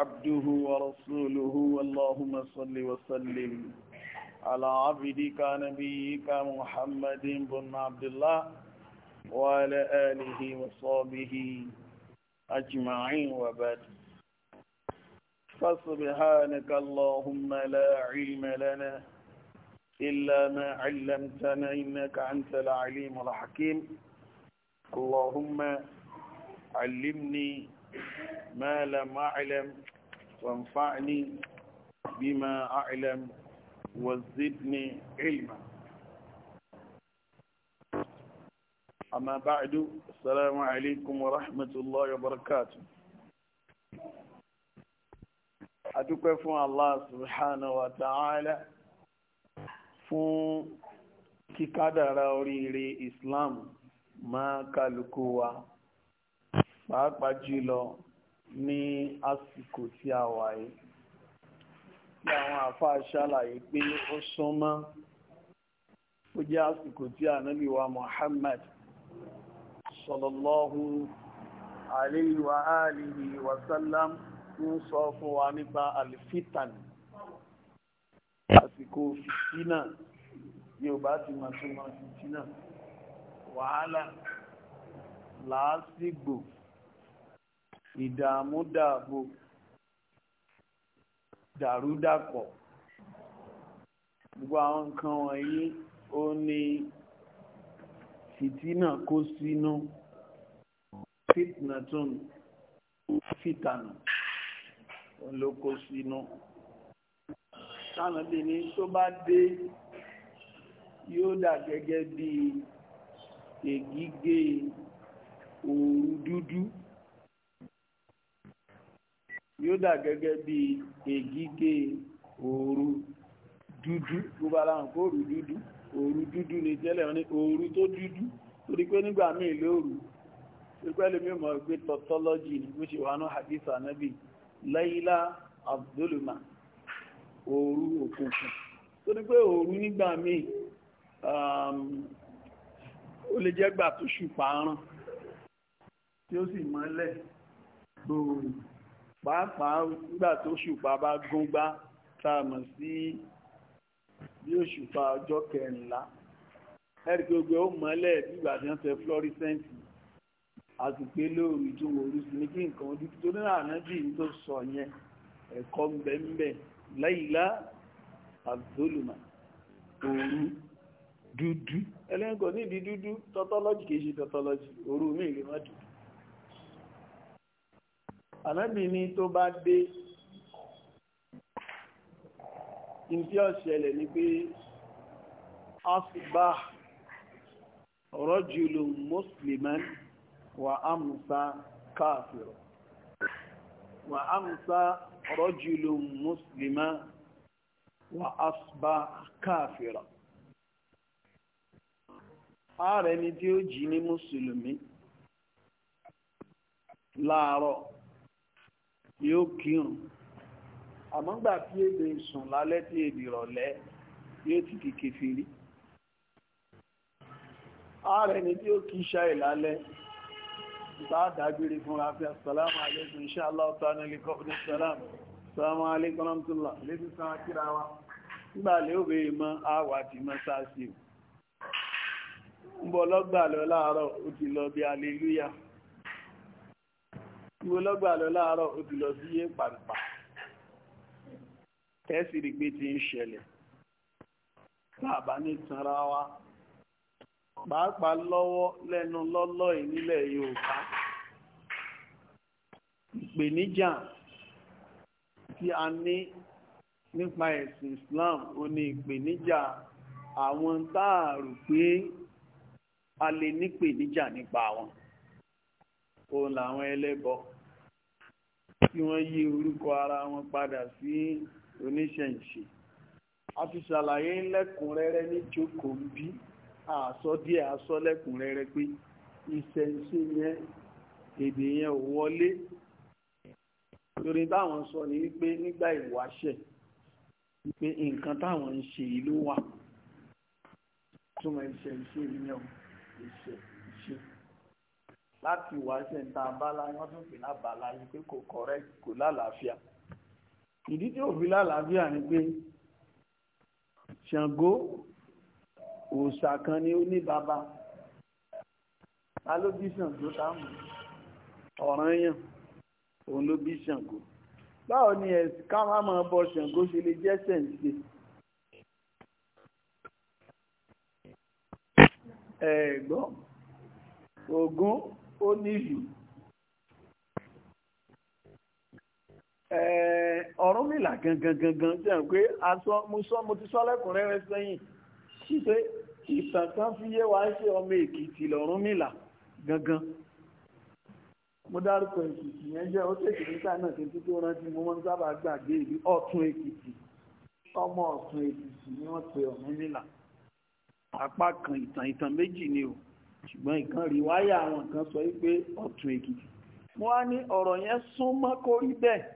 عبده ورسوله اللهم صل وسلم على عبدك نبيك محمد بن عبد الله وعلى آله وصحبه أجمعين وبعد فسبحانك اللهم لا علم لنا إلا ما علمتنا إنك أنت العليم الحكيم اللهم علمني ما لم أعلم وانفعني بما أعلم وزدني علما أما بعد السلام عليكم ورحمة الله وبركاته adúpẹ́ fún Allah subhanahu wa ta'ala fún kíkádàrá oríire Islam máa kálukú wa pàápàá jùlọ ní àsìkò tí a wà yìí tí àwọn àfáà ṣàlàyé pé ó súnmọ́ ó jẹ́ àsìkò tí ànábì wa Muhammad sallallahu alayhi wa alihi wa sallam ń sọ fún wa nípa alifitan àsìkò fìtínà yóò ti máa tún máa fìtínà wàhálà làásìgbò ìdààmú dààbò dàrúdàpọ̀ gbogbo àwọn nǹkan wọ̀nyí ó ní fìtínà kó sínú fìtínà tún fìtànà ló kó sínú sánàbí ní tó bá dé yóò dà gẹ́gẹ́ bí ègígé òòrùn dúdú yóò dà gẹ́gẹ́ bí ègígé òru dúdú gbogbo aláhùn kó òru dúdú òru dúdú ni tẹ́lẹ̀ wọn ni òru tó dúdú torí pé nígbà míì lóru pípẹ́ lómi mọ̀ pé tautology ni bó ṣe wà ní hadith anabi layla abdulma òru òkùnkùn tó ní pé òru nígbà míì um, ó lè jẹ́ gbà tó ṣùpá rán tí ó sì mọ́lẹ̀ gbòòrò pàápàá nígbà tó ṣùpá bá góńgbá tá a mọ̀ sí bí òṣùpá ọjọ́ kẹrìnlá ẹ̀rí pé gbogbo ó mọ́lẹ̀ nígbà tí wọ́n tẹ florissẹ́ǹtì àti pé lóòrù tó wòrú sí ní kí nǹkan ojú tó ní ànájì tó sọ yẹn ẹ̀kọ́ ńbẹ́ńbẹ́ láìlá àzólùmọ̀ òru dúdú ẹlẹ́nkọ̀ nídìí dúdú tọ́tọ́lọ́jì kìí ṣe tọ́tọ́lọ́jì òru mi lè má ànábì ní tó bá dé ìdí ọ̀ṣẹ̀lẹ̀ ni pé asbah rajulun musliman wa amsa kafir wa amsa rajulun musliman wa asbah kafir ààrẹ ni tí ó jí ní mùsùlùmí láàárọ̀ yóò kírun àmọ́gbà tí èdè sùn lálẹ́ tí èdè rọ̀lẹ́ yóò ti di kèfèrí ààrẹ ni tí ó kí ṣáì lálẹ́ bá dágbére fún rafi assalamu alaikum inshallah ta'ala likọ́bùnú salam salamu alaikum ramtullah lẹ́sí sáwọn kíra wa nígbà lè ó bèèrè mọ́ àwà tí mọ́ sáàsì ń bọ́ lọ́gbà lọ láàárọ̀ ó ti lọ bí aleluya ìwé lọ́gbà lọ láàárọ̀ ó ti lọ sí yé pàǹpà tẹ́sì rí pé ti ń ṣẹlẹ̀ sáàbà ní tanra wa pàápàá lọ́wọ́ lẹ́nu lọ́lọ́ ìnílẹ̀ Yorùbá ìpèníjà tí a ní nípa ẹ̀sìn Islam ó ní ìpèníjà àwọn táàrù pé a lè nípèníjà nípa wọn òun làwọn ẹlẹ́bọ tí wọ́n yí orúkọ ara wọn padà sí oníṣẹ̀ǹṣe a ti ṣàlàyé lẹ́kùnrẹ́rẹ́ ní jókòó bí àsọ díẹ̀ àsọ lẹ́kùnrẹ́rẹ́ pé ìṣẹ̀ǹṣe yẹn èdè yẹn ò wọlé torí táwọn sọ ní wípé nígbà ìwáṣẹ̀ wípé nǹkan táwọn ń ṣe yìí ló wà túmọ̀ ìṣẹ̀ǹṣe yẹn ò ìṣẹ̀ǹṣe láti wá ṣe ń ta abala wọ́n tún pè lábala yìí pé kò correct kò lálàáfíà ìdí tí òfin lálàáfíà ni pé Ṣàngó òòṣà kan ni ó ní bàbá ta ló bí Ṣàngó táàmù Ọ̀rànyàn òun ló bí Ṣàngó báwo ni ẹ̀sìn ká má máa bọ Ṣàngó ṣe lè jẹ́ sẹ̀ǹsì ẹ̀gbọ́n Ògún ó nílùú Ọ̀rúnmìlà gangan gangan jẹ́ pé aṣọ mo sọ mo ti sọ lẹ́kùnrẹ́rẹ́ sẹ́yìn ṣíṣe ìtàn kan fi yé wa ṣe ọmọ Èkìtì l'Ọ̀rúnmìlà gangan mo dárúkọ Èkìtì yẹn jẹ́ ó tètè níta náà tètè tó rántí mo máa ń sábà gbàgbé ìlú Ọ̀tún Èkìtì ọmọ Ọ̀tún Èkìtì ni wọ́n pe Ọ̀rúnmìlà apá kan ìtàn ìtàn méjì ni o ṣùgbọ́n ìkan rí wáyà àwọn kan sọ wípé ọ̀tún èkìtì mo wá ní ọ̀rọ̀ yẹn súnmọ́ kó bẹ́ẹ̀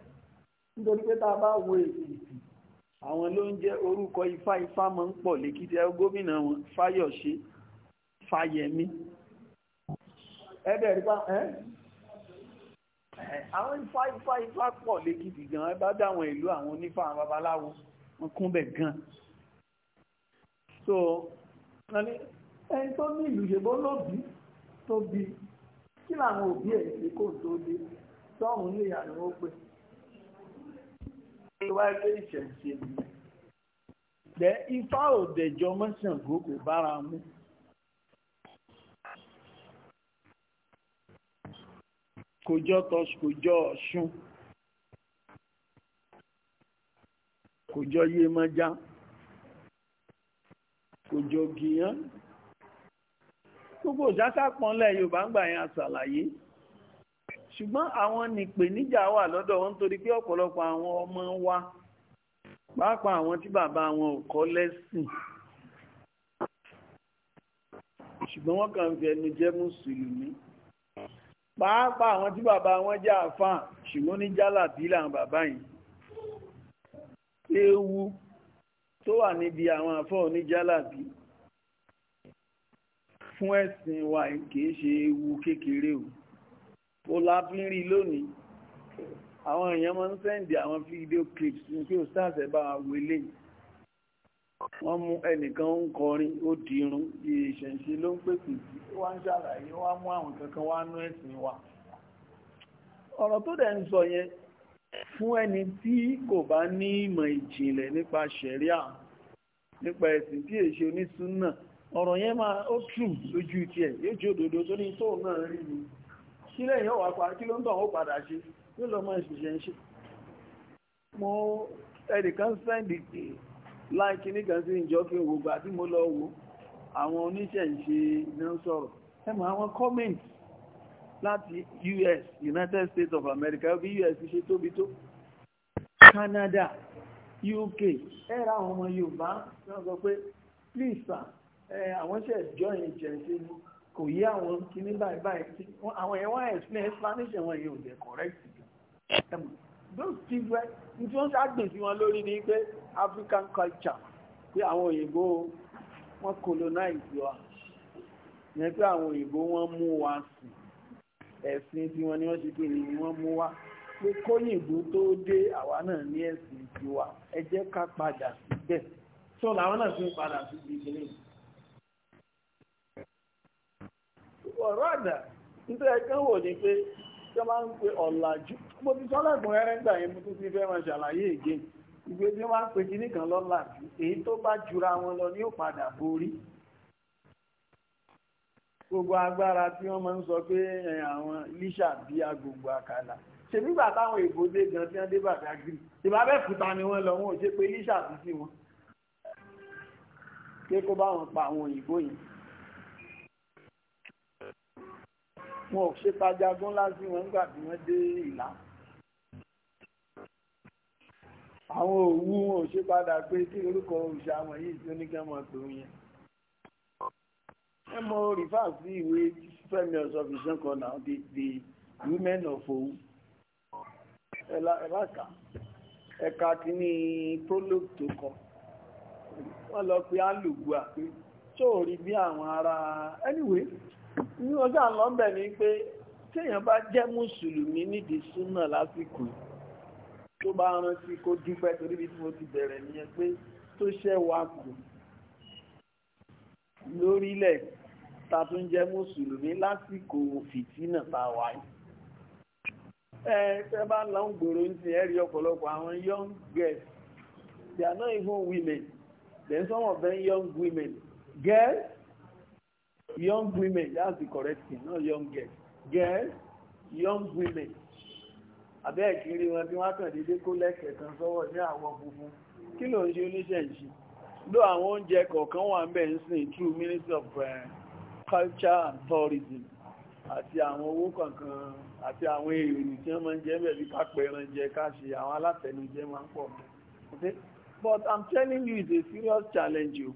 nítorí pé tá a bá wo èkìtì àwọn ló ń jẹ́ orúkọ ifá ifá máa ń pọ̀ lèkìtì ẹ gómìnà wọn fáyọ̀ṣe fáyẹmí ẹ̀ẹ́dẹ̀ rí bá ẹ́ àwọn ifá ifá ifá pọ̀ lèkìtì gan ẹ bá dáwọn ìlú àwọn onífá àwọn babaláwo wọn kún bẹ̀ gan so ẹni tó ní ìlú ṣèbó lóbi tó bi kí làwọn òbí ẹ̀ ṣe kó tó dé sọ́hún ní ìyá ni wọ́n pè. ìwà ẹgbẹ́ ìṣẹ̀ṣe ni jẹ́ ifá òdẹ̀jọ mọ́ṣàngó kò bára mu. kò jọ tọ́ṣù kò jọ ọ̀ṣun kò gìyàn gbogbo òṣàṣàpọ̀nlẹ̀ yorùbá ń gbà yẹn àṣàlàyé ṣùgbọ́n àwọn nìpèníjà wà lọ́dọ̀ wọn torí pé ọ̀pọ̀lọpọ̀ àwọn ọmọ wa pàápàá àwọn tí bàbá wọn ò kọ́ lẹ́sìn ṣùgbọ́n wọ́n kàn fi ẹnu jẹ́ mùsùlùmí pàápàá àwọn tí bàbá wọn jẹ́ àfáà ṣùgbọ́n ní jálàbí làwọn bàbá yìí ewu tó wà níbi àwọn àfáà oníjálàbí fún ẹ̀sìn wa kìí ṣe ewu kékeré o ó láfínrí lónìí àwọn èèyàn máa ń sẹ́ndì àwọn fídíò clips ní kí o sáàsẹ̀ bá wọlé wọ́n mú ẹnìkan ń kọrin ó dìrún ìṣẹ̀ṣe ló ń pèsè tí wọ́n ń ṣàlàyé wọ́n mú àwọn kankan wá nú ẹ̀sìn wa ọ̀rọ̀ tó dẹ̀ ń sọ yẹn fún ẹni tí kò bá ní ìmọ̀ ìjìnlẹ̀ nípa ṣẹ̀ríà nípa ẹ̀sìn tí èṣe onísùn náà ọ̀rọ̀ yẹn máa ó trù lójú ti ẹ̀ yóò jí òdòdó tó ní tóun náà rí ni sílẹ̀ yẹn wà pa kí ló ń tàn ó padà ṣe yóò lọ máa ṣiṣẹ́ ń ṣe mo ẹnìkan sẹ́ndì láìkí nìkan sí ìjọ kí gbogbo àti mo lọ wo àwọn oníṣẹ́ ìṣe náà sọ̀rọ̀ ẹ mọ̀ àwọn comment láti US United States of America bí US ṣe tóbi tó Canada UK ẹ̀rọ àwọn ọmọ Yorùbá náà sọ pé please sir àwọn ṣe join jẹ̀ǹsì ni kò yí àwọn kíní báyìí báyìí àwọn yẹn wá explain Spanish wọn ò jẹ́ correct those things wẹ́ ní tí wọ́n ṣàgbìn lórí ni pé African culture pé àwọn òyìnbó wọ́n colonize wa yẹn pé àwọn òyìnbó wọ́n mú wa sí ẹ̀sìn tí wọ́n ní wọ́n ṣe pé ni wọ́n mú wa pé kóyìnbó tó dé àwa náà ní ẹ̀sìn tiwa ẹ jẹ́ ká padà síbẹ̀ tó làwọn náà fi ń padà sí ìdílé yìí wọ̀ rọ́dà nítorí ẹ̀kan wò ní pé tí wọ́n máa ń pe ọ̀làjú mo ti sọ́lá ẹ̀kúnrẹ́rẹ́ nígbà yẹn mo tún ti fẹ́ máa ṣàlàyé ègé ìgbé tí wọ́n máa ń pe kinní kan lọ́làjú èyí tó bá jura wọn lọ ní ó padà borí gbogbo agbára tí wọ́n máa ń sọ pé àwọn líṣà bí agbègbè àkàlà ṣe nígbà táwọn èbó dé gan tí wọ́n dé bàdágìrì ìbábẹ́kúta ni wọ́n lọ wọn ò ṣe pé líṣà bí sí wọn pé kó bá wọn pa àwọn òyìnbó yìí wọn ò ṣe tajagún lásì wọn nígbà tí wọ́n dé ìlà àwọn òwú wọn ò ṣe padà pé kí orúkọ òṣà wọn yìí tí oníkẹ́mọ̀ tó yẹn ẹ mọ rìfà sí ìwé Fẹ́mi Ọ̀ṣọ́fìṣàn kan náà the the women of Owu ẹ̀láka ẹ̀ka kìíní prologue tó kọ wọ́n lọ pé alùgbò àpé tó rí bí àwọn ará anyway ní ọjọ́ àlọ́bẹ̀ ni pé téèyàn bá jẹ́ mùsùlùmí nídìí súnà lásìkò tó bá rántí kó dúpẹ́ torí bí mo ti bẹ̀rẹ̀ nìyẹn pé tó ṣẹ́ wa kù lórílẹ̀ ta tún jẹ́ mùsùlùmí lásìkò fìtínà tá a wáyé ẹ bá lọ ń gbòòrò ń sin ẹ̀rí ọ̀pọ̀lọpọ̀ àwọn young girls they are not even women then some of them young women girls young women that's the correct thing not young girls girls young women abẹ́ ìkiri wọn tí wọ́n kàn dédé kó lẹ́kẹ̀ẹ́ kan sọ́wọ́ ní àwọn funfun kí ló ń ṣe oníṣẹ̀ṣì ló àwọn oúnjẹ kọ̀ọ̀kan wà ń bẹ̀ ń sìn through ministry of uh, culture and tourism àti àwọn owó kankan àti àwọn èrò tí wọ́n máa ń jẹ bẹ́ẹ̀ bí kápẹ́ ẹran jẹ ká àwọn alátẹnujẹ máa ń pọ̀ but I'm telling you it's a serious challenge o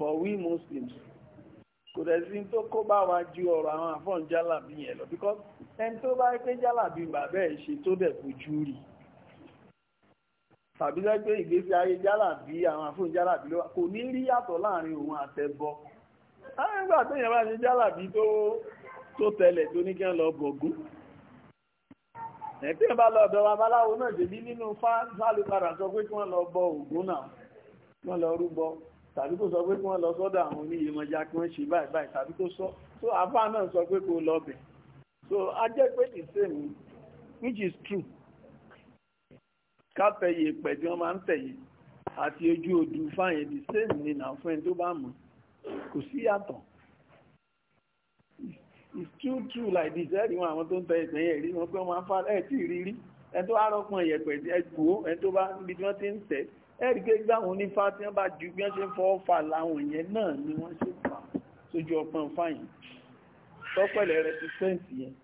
for we Muslims kò dẹ̀ sí tó kó bá wa ju ọ̀rọ̀ àwọn àfọ̀n jálàbí yẹn lọ because ẹni tó bá pé jálàbí bàbá ẹ̀ ṣe tó dẹ̀ fojú rí tàbí lẹ́gbẹ́ ìgbésí ayé jálàbí àwọn àfọ̀n jálàbí ló wà kò ní rí yàtọ̀ láàrin òun àtẹ̀bọ nígbà tó yẹn bá ṣe jálàbí tó tó tó ní kí wọ́n lọ bọ̀gún ẹ̀tí ìbá lọ ọ̀dọ̀ babaláwo náà ṣèbí nínú fálùpadà sọ pé kí wọ́n lọ bọ Ògún náà wọ́n lọ rúbọ tàbí kó sọ pé kí wọ́n lọ sọ́dọ̀ àwọn oníyèmọ̀já kí wọ́n ṣe báyìí báyìí tàbí kó sọ so àfáà náà sọ pé kó lọ so a jẹ́ pé the same which is true kápẹ́ yèèpẹ̀ tí wọ́n máa ń tẹ̀yẹ àti ojú odù fáyẹn the same ni náà fún ẹni tó bá mọ̀ kò sí yàtọ̀ it's true true like this ẹ̀rí wọn àwọn tó ń tẹ ìpín yẹn rí wọn pé wọ́n máa ń fa ẹ̀ tí ì rírí ẹni tó bá rọ́pọ̀ yẹ̀pẹ̀ ẹ̀kú ẹni tó bá níbi tí wọ́n ti ń tẹ̀ ẹ̀rìgẹ́ gbáhùn ní fátíán bá jù bí wọ́n ṣe fọ́ fà láwọn yẹn náà ni wọ́n ṣe fà sójú ọpọ́n fáyìn tọ́pẹ̀lẹ̀ rẹ̀ ti sẹ́ǹsì yẹn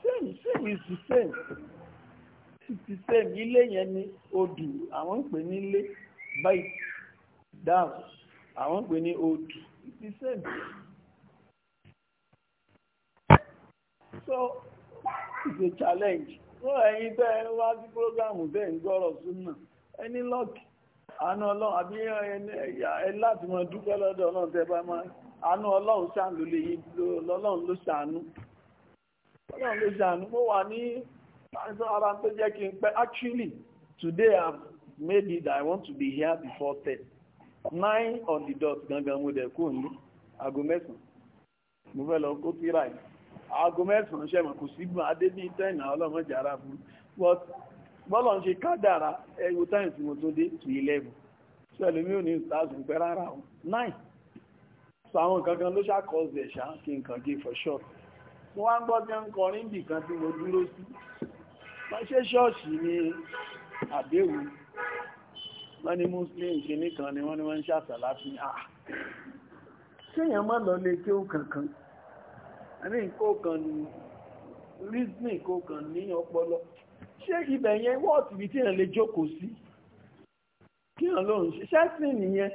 sẹ́ǹsì sẹ́ǹsì sẹ́ǹsì ti sẹ́ǹsì ilé yẹn ni odù àwọn ń pè ní ilé báyìí dáàbò àwọn ń pè ní odù ti sẹ́ǹsì. so it's a challenge wọ́n ẹ̀yin tẹ́ ẹ wá sí prógámù tẹ́ ń gbọ́rọ̀ sún náà. ẹni lọ́ọ̀kì àánú ọlọ́run àbí láti mọ̀ dúpẹ́ lọ́dọ̀ ọlọ́run tẹ́ bá máa àánú ọlọ́run ṣàánú lè yí lọ́lọ́run ló ṣàánú ọlọ́run ló ṣàánú mo wà ní ara tó jẹ́ kí n pẹ́ actually today i made it i want to be here before ten nine on the dot gangan mo dẹ̀ kú òní aago mẹ́sàn-án mo fẹ́ lọ kó tíra yìí aago mẹ́sàn-án kò adébíyí tẹ́yìn but bọ́lọ̀ ń ṣe kádàrà ẹgbò táyìn tí mo tó dé tù ilẹ̀bù tí ẹlòmí ò ní ìtàzù pẹ́ rárá o nine sàwọn kankan ló ṣàkọsẹ̀ ṣá kí nǹkan gé for sure mo wá ń gbọ́ tí ń kọrin bì kan tí mo dúró sí wọ́n ṣe ṣọ́ọ̀ṣì ní àbẹ́wò wọ́n ní muslim ṣe nìkan ni wọ́n ní wọ́n ń ṣàṣàlá fi hàn ah! kéèyàn má lọ lè kí ó kankan àní kó kan reasoning kó kan ní ọpọlọ ṣé ibẹ̀ yẹn wọ́ọ̀tì bí tí yẹn lè jókòó sí kí yẹn ló ń ṣiṣẹ́ sí nìyẹn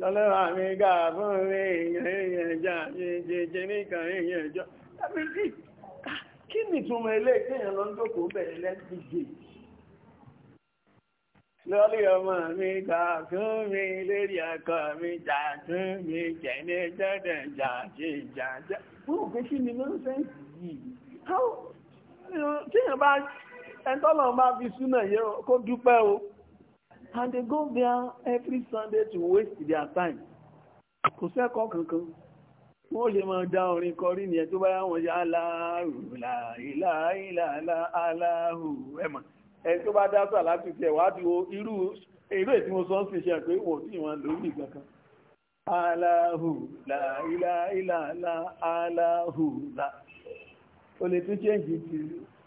lọ́lọ́rọ̀ àmì ga fún èèyàn èèyàn ẹja jẹjẹ nìkan èèyàn ẹjọ́ ẹbí kí ni ìtumọ̀ ilé tí yẹn lọ ń jókòó bẹ̀rẹ̀ lẹ́gbẹ̀ẹ́ lórí ọmọ mi gbà fún mi lérí ọkọ mi jà fún mi jẹ̀ní jẹ́dẹ̀ jà jẹ́ jà jẹ́ fún òkè kí ni ló ń sẹ́yìn yìí tí yẹn bá ẹ̀ńtọ́lọ̀ máa fi súnà yẹ kó dúpẹ́ o and they go there every Sunday to waste their time kò sẹ́kọ̀ọ́ kankan wọ́n ṣe máa dá orin kọrí nìyẹn tó báyá wọ́n ṣe aláhùlà ìlàílàlá aláhù ẹ̀mà ẹ̀ tó bá dá sàlá ti tẹ̀ wá ti wo irú eré tí mo sọ ń ṣiṣẹ́ pé wọ́n tí wọ́n lórí kankan aláhùlà ìlàílàlá aláhùlà o lè tún ṣéǹjì ti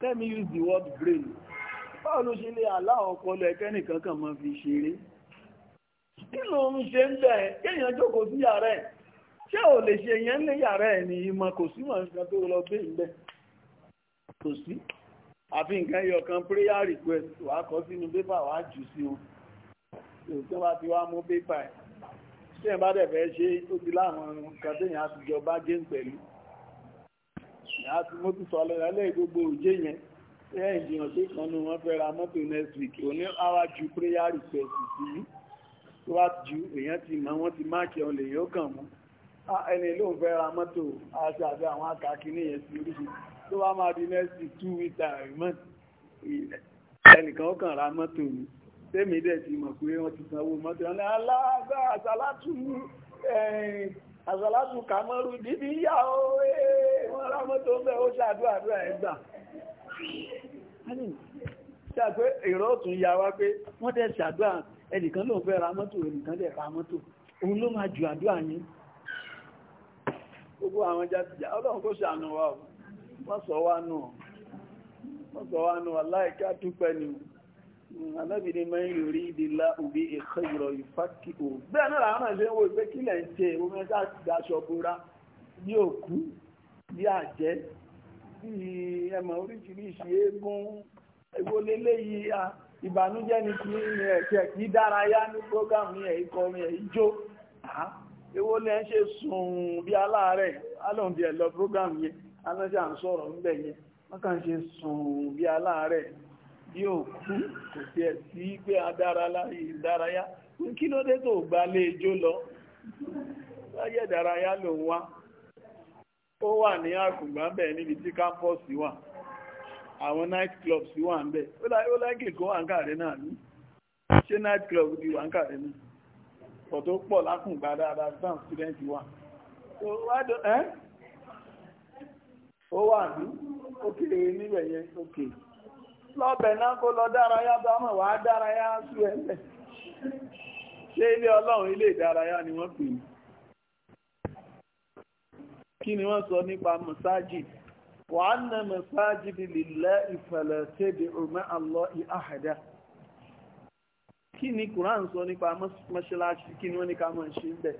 let me use the word brain báwo ló ṣe lè aláwọ̀ ọpọlọ ẹ̀kẹ́nìkan kan máa fi ṣeré kí ló ń ṣe ń bẹ̀ kéèyàn jókòó sí yàrá ẹ̀ ṣé ò lè ṣe yẹn ní yàrá ẹ̀ ní ìmọ̀ kò sí mọ̀ nǹkan tó lọ gbé ìgbẹ́ kò sí àfi nǹkan ẹyọ kan prayer request wà á kọ sínú pépà wà á jù sí wọn òtún bá ti wá mú pépà ẹ̀ ṣé ẹ̀ bá ṣe ó ti láwọn nǹkan téèyàn àtijọ́ bá jẹ́ pẹ̀lú àti mọ́tò sọlẹ̀ lálẹ́ gbogbo òjé yẹn ṣé ìjìyàn pé kan ní wọ́n fẹ́ ra mọ́tò next week òní àwa ju prayer request sí tó bá ju èèyàn ti mọ wọ́n ti máàkì ọ̀hún lèyìn ó kàn mú ẹni ló ń fẹ́ ra mọ́tò àti àti àwọn akàkí nìyẹn sí oríṣi tó bá máa di next week two weeks time mọ́ ẹnìkan ó kàn ra mọ́tò mi tẹ́mi dẹ̀ ti mọ̀ pé wọ́n ti sanwó mọ́tò ọ̀nà alágbára sálátù ẹ̀yìn àsàlátù kàmọ́rù dìbí yá o eh, wọ́n rá mọ́tò ń bẹ́ ó ṣàdúrà ẹgbà ṣàpé èrò ọ̀tún ya wá pé wọ́n tẹ́ ṣàdúrà ẹnìkan ló fẹ́ ra mọ́tò ẹnìkan dẹ̀ ra mọ́tò òun ló máa ju anábì ni máa ń yorí ìdílá òbí ẹ̀kọ́ ìrọ̀ ìfákì ò bẹ́ẹ̀ náà làwọn náà ṣe ń wo ìgbé kílẹ̀ ń jẹ omi ẹja ti daṣọ bora ní òkú ní àjẹ́ bí ẹmọ oríṣiríṣi eégún ìwọlélẹ́yìí ìbànújẹ́ ni kí ní ẹ̀kẹ́ kí dárayá ní prógámù ní ẹ̀kọrin ẹ̀ijó ewó lẹ́ ń ṣe sùn bí aláàrẹ̀ alóǹdí ẹ̀lọ prógámù yẹn aláṣà ń sọ̀rọ̀ ń bẹ̀ yẹn wọ́n kàn ṣe sùn bí aláàrẹ̀ bí òkú kò sí ẹ̀ sí pé adárayá kí ló dé tó lé ijó lọ láyé ìdárayá ló ń wá ó wà ní àkùngbà ń bẹ̀ níbi tí wà àwọn night clubs wà ń bẹ̀ ó láìkè kó wà ń kàrẹ́ náà ní ṣé night club ti wà ń kàrẹ́ náà pọ̀ tó pọ̀ lákùngbà dáadáa sáà wa wà ó wà ní ó níbẹ̀ yẹn lọ́bẹ̀ náà kó lọ dárayá bá mọ̀ wá dárayá sí ẹ̀lẹ̀ ṣé ilé ọlọ́run ilé ìdárayá ni wọ́n pè ní kí wọ́n sọ nípa masajid wà á nà masajid lílẹ̀ ìfẹ̀lẹ̀ tẹ́bi ọmọ àlọ́ ìhàdá kí ni Kùránì sọ nípa mọ́ṣáláṣí kí ni wọ́n ní ká mọ̀ ṣe ń bẹ̀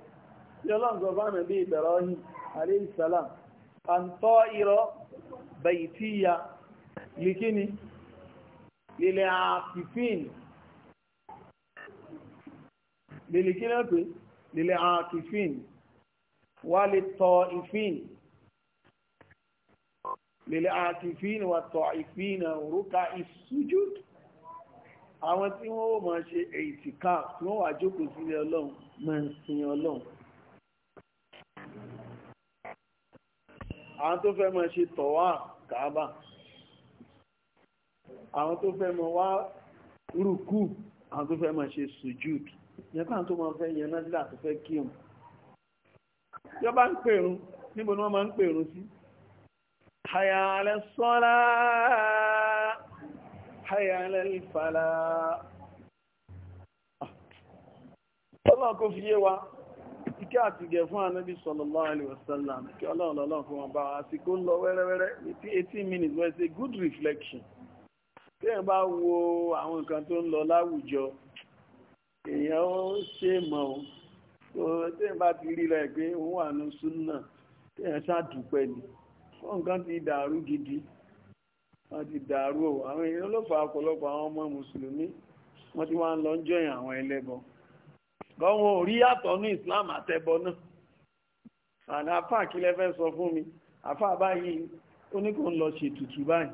ọlọ́run lílẹ̀ àkìfín lílẹ̀ kí náà pé lílẹ̀ àkìfín wà lè tọ́ ìfín lílẹ̀ àkìfín wà tọ́ ìfín òrùka ìsújúd àwọn tí wọ́n máa ṣe èyìtìká tí wọ́n wà jókòó sílẹ̀ ọlọ́run máa ń ọlọ́run àwọn tó fẹ́ máa ṣe tọ̀wá kàábà àwọn tó fẹ́ mọ wá rúkú àwọn tó fẹ́ mọ ṣe sujud yẹn tó máa fẹ́ yẹn náà tó fẹ́ kí òun yọ bá ń pèrún níbo ni wọ́n máa ń pèrún sí hayya ala sọ́lá hayya ala ìfàlà ọlọ́run kò fi yé wa ìkẹ́ àti gẹ̀ fún ànábì sallallahu alaihi wasallam kí ọlọ́run lọ́lọ́run fún wọn bá àsìkò ń lọ wẹ́rẹ́wẹ́rẹ́ 18 minutes was a good reflection téèyàn bá wo àwọn nǹkan tó ń lọ láwùjọ èèyàn ó ṣe mọ̀ ó téèyàn bá ti rí rẹ̀ pé òun wà ní súnà téèyàn ṣàdúpẹ́ ni wọ́n nǹkan ti dàrú gidi wọ́n ti dàrú o àwọn èèyàn ọlọ́pàá ọ̀pọ̀lọpọ̀ àwọn ọmọ mùsùlùmí wọ́n ti wá ń lọ jọyìn àwọn ẹlẹ́bọ gọ́wọ́n ò rí yàtọ̀ ní Islam àtẹ̀bọ náà àná àfáà kí lẹ fẹ́ sọ fún mi àfáà báyìí ó ní kò ń lọ ṣètùtù báyìí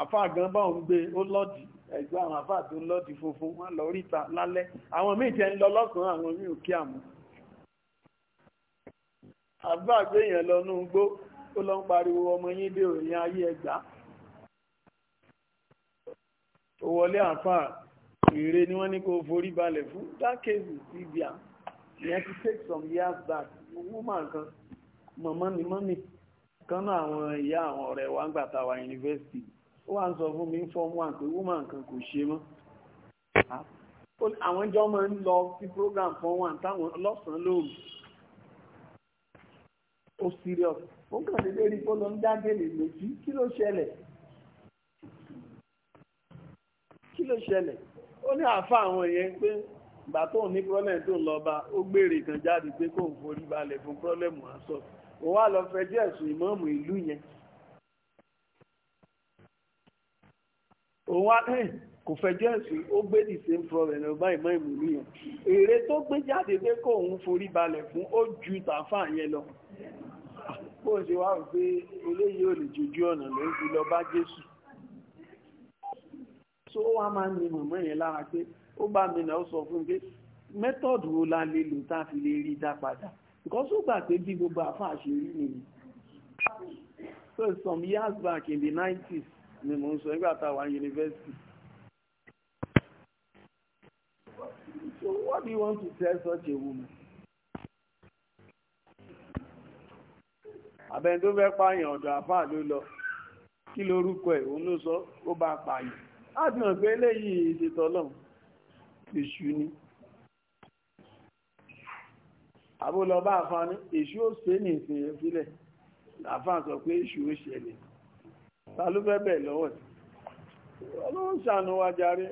àfáà gan bá òun gbé ó lọ́dì ẹgbẹ́ àwọn àfáà tó lọ́dì fòfò wọ́n lọ ríta lálẹ́ àwọn míì jẹ́ ń lọ lọ́sàn-án àwọn míì ò kí àmú àfáà gbé yẹn lọ nú gbó ó lọ ń pariwo ọmọ yín dé òyìn ayé ẹgbàá ó wọlé àfáà ire ni wọ́n ní kó forí balẹ̀ fún that case is Libya yẹn ti take some years back woman kan mọ̀mọ́ ni mọ́mì kan náà àwọn ìyá àwọn ọ̀rẹ́ wa ń gbà táwa yunifásitì ó wà ń sọ fún mi ń fọ́ọ̀mù wà pé woman kan kò ṣe mọ́ hmm. àwọn jọ máa ń lọ sí program fún wa táwọn ọlọ́sàn-án lóòrùn ó serious ó kàn lè lérí kó ló ń dágbé lè lòdì kí ló ṣẹlẹ̀ kí ló ṣẹlẹ̀ ó ní àáfà àwọn yẹn pé ìgbà tó ní problem tó lọ bá ó gbére kan jáde pé kó ń forí balẹ̀ fún problem àṣọ òun wá lọ fẹjọ́ ẹ̀sùn ìmọ̀ọ́mù ìlú yẹn wá ẹ̀ kò fẹjọ́ ẹ̀sùn ó gbé the same problem ọba ìmọ̀ ìmùlú yẹn èrè tó gbé jáde pé kó òun forí balẹ̀ fún ó ju tàfà yẹn lọ bó ṣe wá pé eléyìí ò lè jojú ọ̀nà ló ń fi lọ bá Jésù so wá máa ń ni mọ̀mọ́ yẹn lára pé ó bá mi náà sọ fún pé mẹ́tọ̀dù wo la lè lò tá a fi lè rí i dá padà because gbà pé bí gbogbo àfáà ṣe rí nìyí so some years back in the nineties ni mò ń sọ nígbà tá a wà ní yunifásitì. So what do you want to tell such a woman? àbẹ̀ni tó fẹ́ pààyàn ọ̀dọ̀ àfáà ló lọ kí lorúkọ ẹ̀ òun ló sọ ó bá pààyàn láti hàn pé eléyìí ìṣètò ọlọ́run èṣù ni àbólọ́bá àfáà ní èṣù ó ṣe ní ìsìn yẹn sílẹ̀ àfáà sọ pé èṣù ó ṣẹlẹ̀ ta ló fẹ́ bẹ̀ lọ́wọ́ sí ọlọ́run ṣàánú wa jàre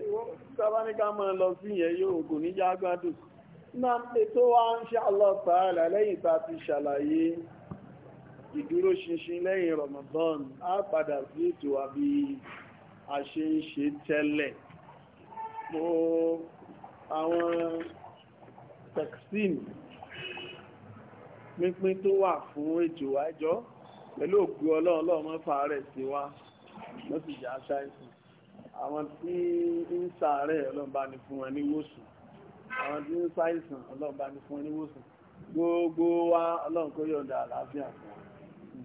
sábáníká máa lọ sí yẹn yóò kò ní já gbádùn náà ètò wa ń ṣe àlọ́ta rẹ̀ lẹ́yìn tá a ti ṣàlàyé ìdúróṣinṣin lẹ́yìn Ramadan á padà sí ètò wa bí a ṣe ń ṣe tẹ́lẹ̀ mo àwọn tẹ̀sìn pínpín tó wà fún ètò wa pẹ̀lú ògbé ọlọ́run lọ́wọ́ mọ́ fàárẹ̀ sí wa ló sì jà ṣáìsì àwọn tí ń ṣàárẹ̀ ọlọ́run bá ní fún wọn ní wòsàn àwọn tí ń ṣàìsàn ọlọ́run bá ní fún wọn ní wòsàn gbogbo wa ọlọ́run kó yọ̀ǹda àlàáfíà fún wa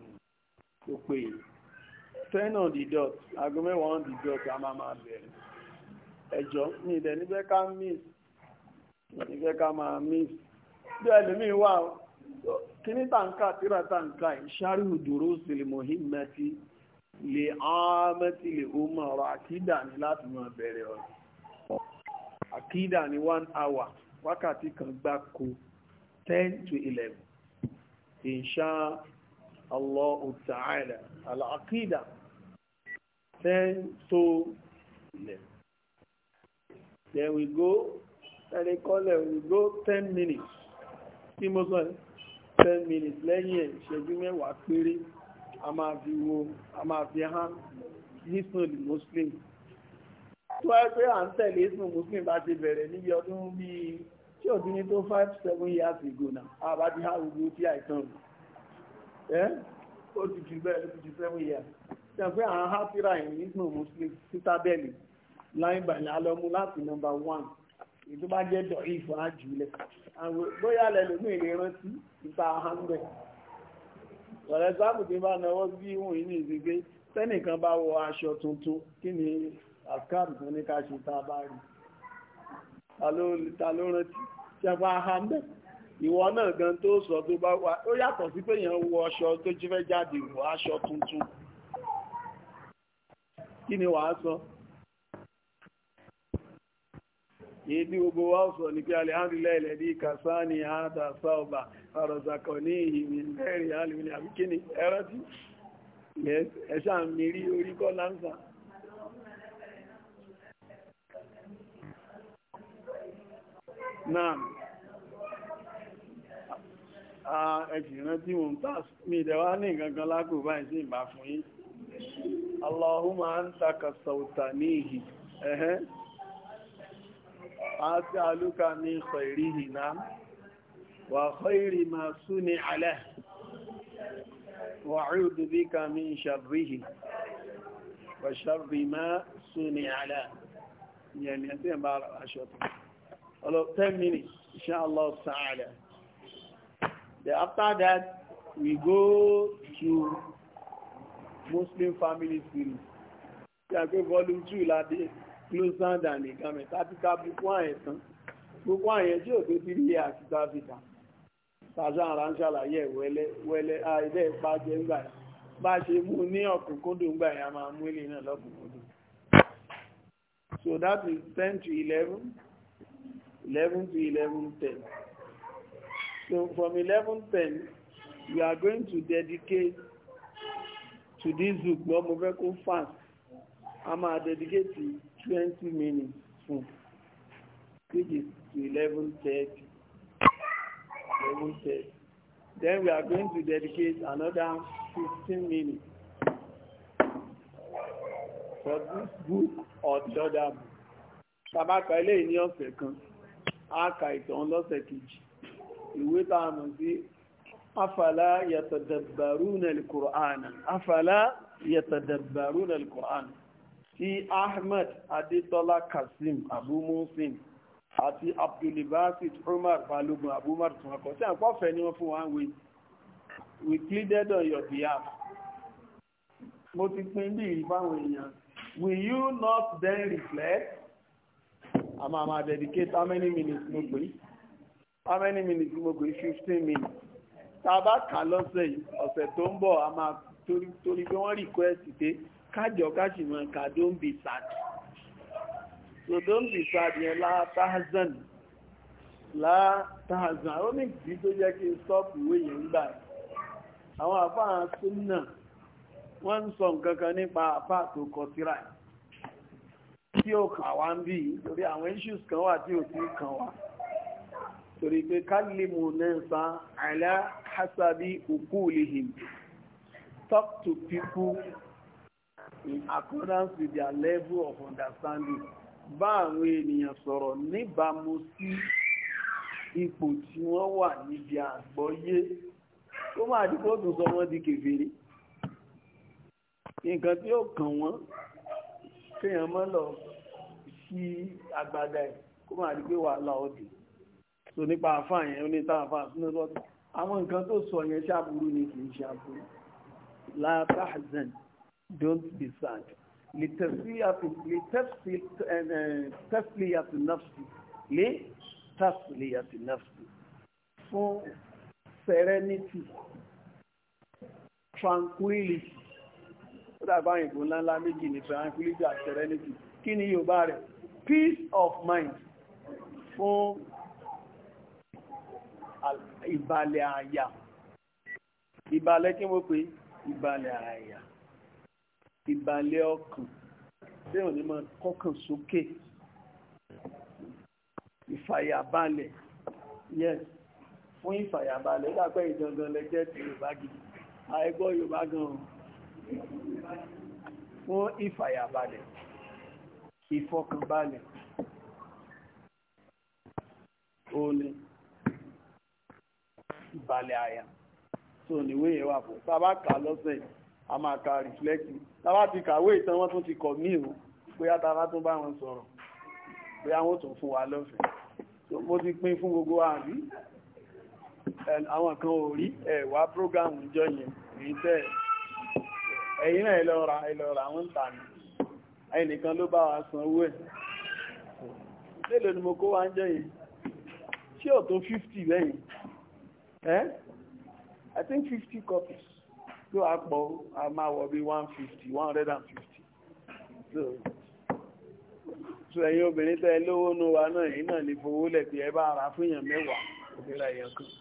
tó pé yìí ten on the dot aago mẹ́wàá on the dot a máa máa bẹ̀rẹ̀ ẹ̀jọ́ mi ìdẹ̀ níbẹ̀ ká miss níbẹ̀ ká máa miss bí ẹlòmíì wà kíní tàǹkà tíra tàǹkà ìṣàrí òdòrò sílìmọ̀ hìmẹ́tì lè ámẹ́tì lè ó mọ̀ ọ̀rọ̀ àkídà ní láti máa bẹ̀rẹ̀ ọ̀rọ̀ àkídà ní one hour wákàtí kan gbáko ten to eleven insha Allah ta'ala al-aqida ten to eleven then we go ẹni kọ́lẹ̀ we go ten minutes tí mo sọ yìí ten minutes lẹ́yìn ẹ̀ ìṣẹ́jú mẹ́wàá péré a máa fi wo a máa fi hàn nísùn lè muslim tó wáyé pé à ń tẹ̀lé ìsùn muslim bá ti bẹ̀rẹ̀ níbi ọdún bíi tí ò dín tó five seven years ago náà a bá ti há gbogbo tí àìsàn rẹ̀ ẹ́ ó ti ju bẹ́ẹ̀ ó ti ju seven years ṣe pé à ń há síra ìrìn ìsùn muslim títà bẹ́ẹ̀lì line by line alọ́mú láti number one èyí tó bá jẹ́ dọ̀rí ìfọ̀ àjùlẹ̀ àwọn bóyá lẹ́lòmí ìlè rántí ìta ahánbẹ̀ ọ̀rẹ́ sáàmù tí bá náwọ́ bí ìwọ̀n yìí ní ìdígbé tẹ́nìkan bá wọ aṣọ tuntun kí ni àkáàrù tó ní ká ṣe tá a bá rí ta ló rántí ṣẹpa ahánbẹ̀ ìwọ náà gan tó sọ tó bá wà ó yàtọ̀ sí pé èèyàn wọ aṣọ tó jífẹ́ jáde wọ aṣọ tuntun kí ni wàá sọ èyí tí gbogbo wa sọ ní pé alhamdulillahi alladhi kasani hadha sawba farazaqanihi min ghairi alimin àbíkíní ẹ̀rọ tí ẹ̀ṣà mìírí orí kọ́ láńsà náà ẹ̀sìnrán tí wọ́n tàà mi ìdẹ̀wà ní gangan lákò báyìí sí ìbá fún yí Allahumma anta kasawtanihi أسألك من خيرهما وخير ما صنع له وأعوذ بك من شره وشر ما صنع له يعني أنتين بار أشهر Hello, 10 minutes, inshallah ta'ala. the after that, we go to Muslim family series. Yeah, go volume 2 la closer than a garment ká bukú àyẹ̀ tán bukú àyẹ̀ tí ò tó ti rí àti tàbíkà tàṣà ara ń ṣàlàyé wẹ́lẹ́ ilé ìpa jẹ́ ńgbà bá ṣe mú ní ọ̀kùnkúndùn ńgbà yà máa mú ilé náà lọ́kùnkúndùn so that is ten to eleven eleven to eleven ten so from eleven ten we are going to dedicate to this group. book lọ́mọ fẹ́ kó fast a máa dedicate twenty minutes fún which is to eleven thirty eleven thirty then we are going to dedicate another fifteen minutes for this book or the other book tabaka eléyìí ní ọ̀sẹ̀ kan á ka ìtàn lọ́sẹ̀ kejì ìwé tá a mọ̀ sí afala yatadabbaruna al-Qur'ana afala yatadabbaruna al-Qur'ana tí ahmed adetola kasim abu muslim àti abdulbasit umar balogun abu umar tún akọ tí à ń pọ̀fẹ́ ni wọ́n fún wa wí we pleaded on your behalf mo ti pín bí ìbáwọn èèyàn will you not then reflect a máa máa dedicate how many minutes mo pè how many minutes mo pè fifteen minutes tá a bá kà lọ́sẹ̀ yìí ọ̀sẹ̀ tó ń bọ̀ a máa torí torí pé wọ́n request dé kájọ káṣìmọ̀ ká don't be sad so don't be sad yẹn látàzàn látàzàn ó ní ìdí tó jẹ́ kí n stop ìwé yẹn gbà wọ́n ń sọ nǹkan nípa àfáà tó kọ síra tí ó wá ń bí torí àwọn issues kan wà tí ò sí kàn wá torí pé kálímù náà àìlá òkú lihim talk to people in accordance with their level of understanding bá àwọn ènìyàn sọ̀rọ̀ níbàámu sí ipò tí wọ́n wà níbi àgbọ́yé tó máa dìbò tó sọ wọ́n di kèfèrè nǹkan tí ó kàn wọ́n kéèyàn mọ́ lọ sí agbada ẹ̀ kó máa di pé wàhálà ọdì so nípa àfáà yẹn ó ní táwọn àfáà súnmọ́ lọ́dún àwọn nǹkan tó sọ yẹn ṣàbúrú ni kì í ṣàbúrú la tahzan don't be sad lítẹ́sílíyàtì nafsi lé tẹ́sílíyàtì nafsi fún serenity tranquility ó dàgbà ìbò ńláńlá méjì ní tranquility and serenity kí ni yóò bá rẹ̀ peace of mind fún ìbàlẹ̀ àyà ìbàlẹ̀ kí mo pè ìbàlẹ̀ àyà ìbàlẹ̀ ọkàn tí ò ní máa kọ́kàn sókè ìfàyàbalẹ̀ yes fún ìfàyàbalẹ̀ lápẹ́ ìdangan lẹ́jẹ́ ti Yorùbá gidi àìgbọ́ Yorùbá gan fún ìfàyàbalẹ̀ ìfọkànbalẹ̀ òní ìbàlẹ̀ àyà tó níwé ìwà fún bàbá kà lọ́sẹ̀ yìí a máa ka reflect tàbá ti kàwé ìtàn wọ́n tún ti kọ̀ mí o bóyá tàbá tún bá wọn sọ̀rọ̀ bóyá wọ́n tún fún wa lọ́fẹ̀ẹ́ mo ti pín fún gbogbo àbí àwọn kan ò rí ẹ̀wà program jọ yẹn èyí tẹ́ ẹ̀yìn náà ẹlọ́ra ẹlọ́ra àwọn ń tà ní ẹnìkan ló bá wa san owó ẹ̀ lélò ni mo kó wá ń jẹ́ yìí ṣé ò 50 lẹ́yìn eh I think 50 copies so àpọ̀ a máa bí 150 150 so ẹ̀yin obìnrin tẹ lówó ní wa náà yìí náà ní fowó lẹ́pẹ̀ ẹ bá ara fúnyàn mẹ́wàá òfìrà èèyàn kan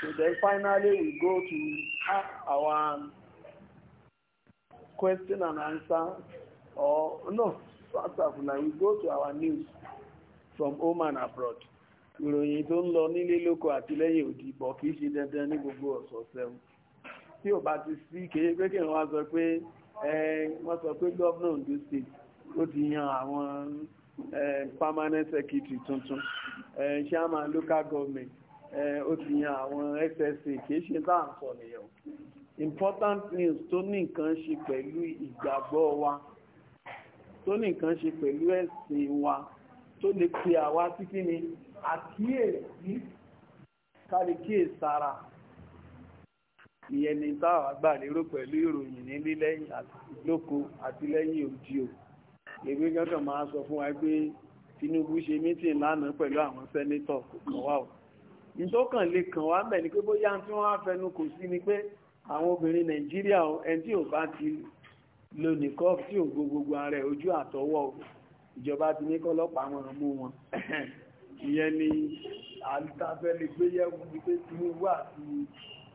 so then finally we go to our question and answer or no we go to our news from home and abroad ìròyìn tó ń lọ nílé lóko àti lẹ́yìn òdì bọ̀ kì í ṣe dandan ní gbogbo ọ̀sọ̀ọ̀sẹ̀ o tí ò bá ti sí kéye pé kí wọ́n sọ pé wọ́n sọ pé gọ́vnà Ondo state ó ti yan àwọn permanent secretary tuntun chairman local government ó ti yan àwọn SSA kì í ṣe bá sọ nìyẹn important news tó ní nǹkan ṣe pẹ̀lú ìgbàgbọ́ wa tó ní nǹkan ṣe pẹ̀lú ẹ̀sìn wa tó lè pe àwa títí ni àkíyèsí kàríkíyèsára ìyẹn ni táwọn agbàlérò pẹ̀lú ìròyìn ní lílẹ́yìn lóko àti lẹ́yìn òdi o èmi gángan máa sọ fún wa pé Tinubu ṣe mítìn lánàá pẹ̀lú àwọn sẹ́nétọ̀ kọ̀ọ̀kan wà o ìtọ́kàn lè kàn wá mẹ́ ni pé bóyá tí wọ́n á fẹnu kò sí ni pé àwọn obìnrin Nàìjíríà ẹni tí ò bá ti lo nìkọ́ tí ò gbogbo ara ẹ̀ ojú àtọwọ́ ìjọba ti ní kọ́lọ́pàá wọn mú wọn ìyẹn ni àtàfẹ́lẹ̀ gbéyẹ̀wò ní pé tí ó wà sí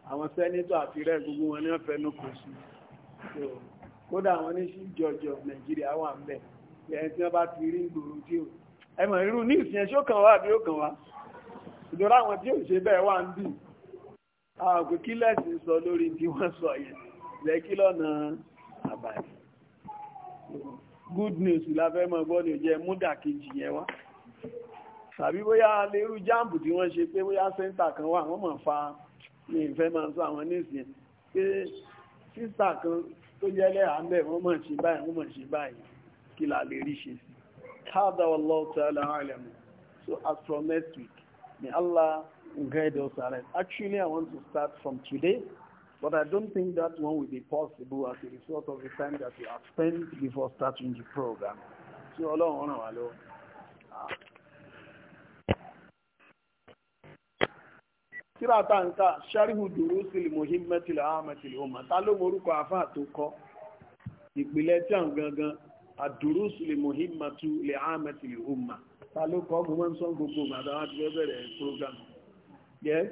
àwọn sẹ́nítọ̀ àti rẹ̀ gbogbo wọn ní ọ̀fẹ́ ní kò sí kódà àwọn oníṣì jọjọ nàìjíríà wà ń bẹ̀ ẹni tí wọ́n bá ti rí gbòòrò tí ó ẹmọ̀ irú ní ìsìn ṣó kàn wá bí ó kàn wá ìdọ́rọ̀ àwọn tí ó ṣe bẹ́ẹ̀ wà ń bì àgbè kí lẹ́sìn sọ lórí tí wọ́n sọ yẹn lẹ́kí lọ́nà àbàlẹ̀ good news la fẹ́ mọ́ gbọ́ ní ó jẹ́ múdà kejì yẹn wá tàbí bóyá lérú jáàmù tí wọ́n ṣe pé bóyá sẹ́ńtà kan wà wọ́n mọ̀ fa ní ìfẹ́ máa ń sọ àwọn nísìn pé sísà kan tó jẹ́ lẹ́yà mẹ́ wọ́n mọ̀ ṣe báyìí wọ́n mọ̀ ṣe báyìí kí là lè rí ṣe sí káàdà wallahu ta'ala so as from next week may Allah guide us alright actually I want to start from today but I don't think that one will be possible as a result of the time that we have spent before starting the program so Ọlọ́run ràn wá lọ́wọ́. Ah. tíráta nǹka ṣáríhù durusil muhimmatil amatil umma ta ló morúkọ àfáà tó kọ ìpìlẹ̀ tí à ń gangan ad-durusil muhimmatu li amatil umma ta ló kọ mo máa ń sọ gbogbo màdá wá ti fẹ́ bẹ̀rẹ̀ program yes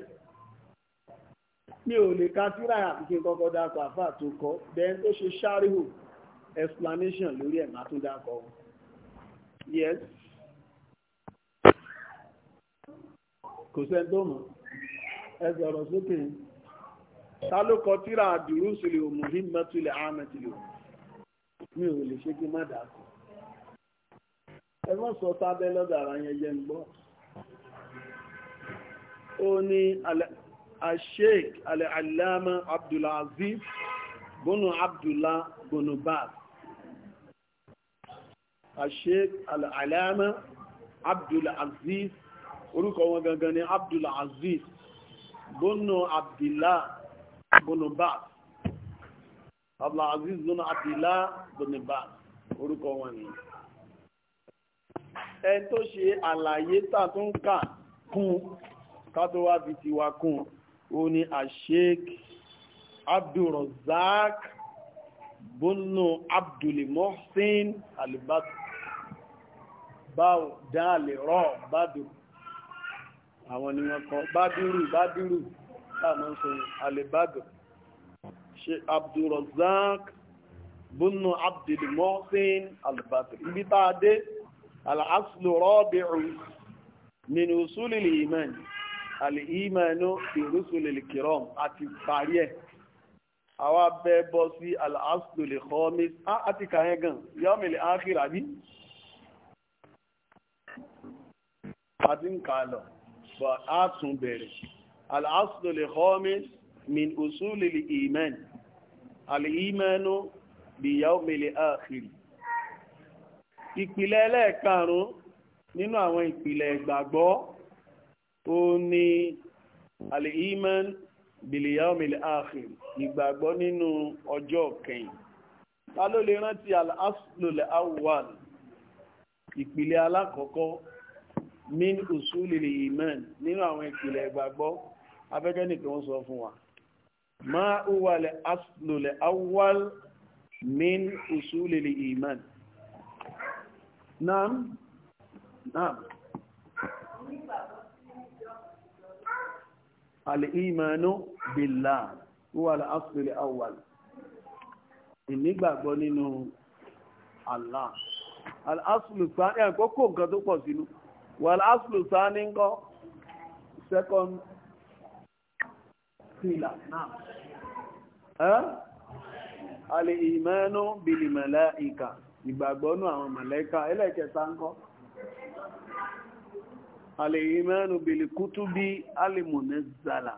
mi ò lè ka tíra àti kí n kọ́kọ́ dákọ̀ àfáà tó kọ then tó ṣe ṣáríhù explanation lórí ẹ̀ máa tún dákọ̀ yes kò sẹ́ńtọ́ ẹ sọ̀rọ̀ sókè ta ló kọ tíra àdìrúsùlẹ̀ òmùhímẹ́tulẹ̀ àmẹ́tulẹ̀ mi ò lè ṣe kí má dà kù ẹ mọ̀ sọ sábẹ́ lọ́dọ̀ ara yẹn jẹ́ ń gbọ́ ó ní asheik al'alama abdulaziz bọ́nù abdullah bọ́nù baz asheik al'alama abdulaziz orúkọ wọn gangan ni abdulaziz bónú abdìlá bónú bá abdulaziz bónú Abdila bónú ba orúkọ wọn ni ẹ tó ṣe àlàyé tà tó ń kà kún ká wá fi tiwa kún ó ní àṣeek abdulrazak bónú Abdulimohsin alibatu báwo dáàlè rọ bádùn àwọn ni wọ́n kọ́ bábírù bábírù táàmọ́ sọ alẹ́bàdàn ṣe abdulrazak bunu abdulmohsen albadr ibi táa dé al'aslu rabi'u min usuli al-iman al-imanu bi rusuli al-kiram àti parí ẹ̀ àwa bẹ́ bọ́ sí al'aslu al-khamis àti kàyẹ́ gan yawmil akhir àti ń kà lọ bọ̀ á tún bẹ̀rẹ̀ al-aslu al-khamis min usul al-iman al-imanu bi yawm al-akhir ìpìlẹ̀ ẹlẹ́ẹ̀karùn-ún nínú àwọn ìpìlẹ̀ ìgbàgbọ́ ó ní al-iman bil yawm al ìgbàgbọ́ nínú ọjọ́ kẹyìn ta ló lè rántí al-aslu ìpìlẹ̀ alákọ̀ọ́kọ́ min usulil iman nínú àwọn ìpìlẹ̀ ìgbàgbọ́ afẹ́kẹ́ nìkan wọ́n sọ fún wa ma huwa lè aslulẹ̀ awwal min usulil iman naam naam al'imanu billah huwa lè aslulẹ̀ awwal ìnígbàgbọ́ nínú Allah al'aslù pa ẹ̀kọ́ nǹkan tó pọ̀ sínú wọ́n asùlù sáni ń kọ́ second pillar náà ẹ́ alẹ́ ìmẹ́nu bìlì màláíkà ìgbàgbọ́nù àwọn màláíkà ẹlẹ́kẹta ń kọ́ alẹ́ ìmẹ́nu bìlì kútúbí alìmùnẹ́zàlà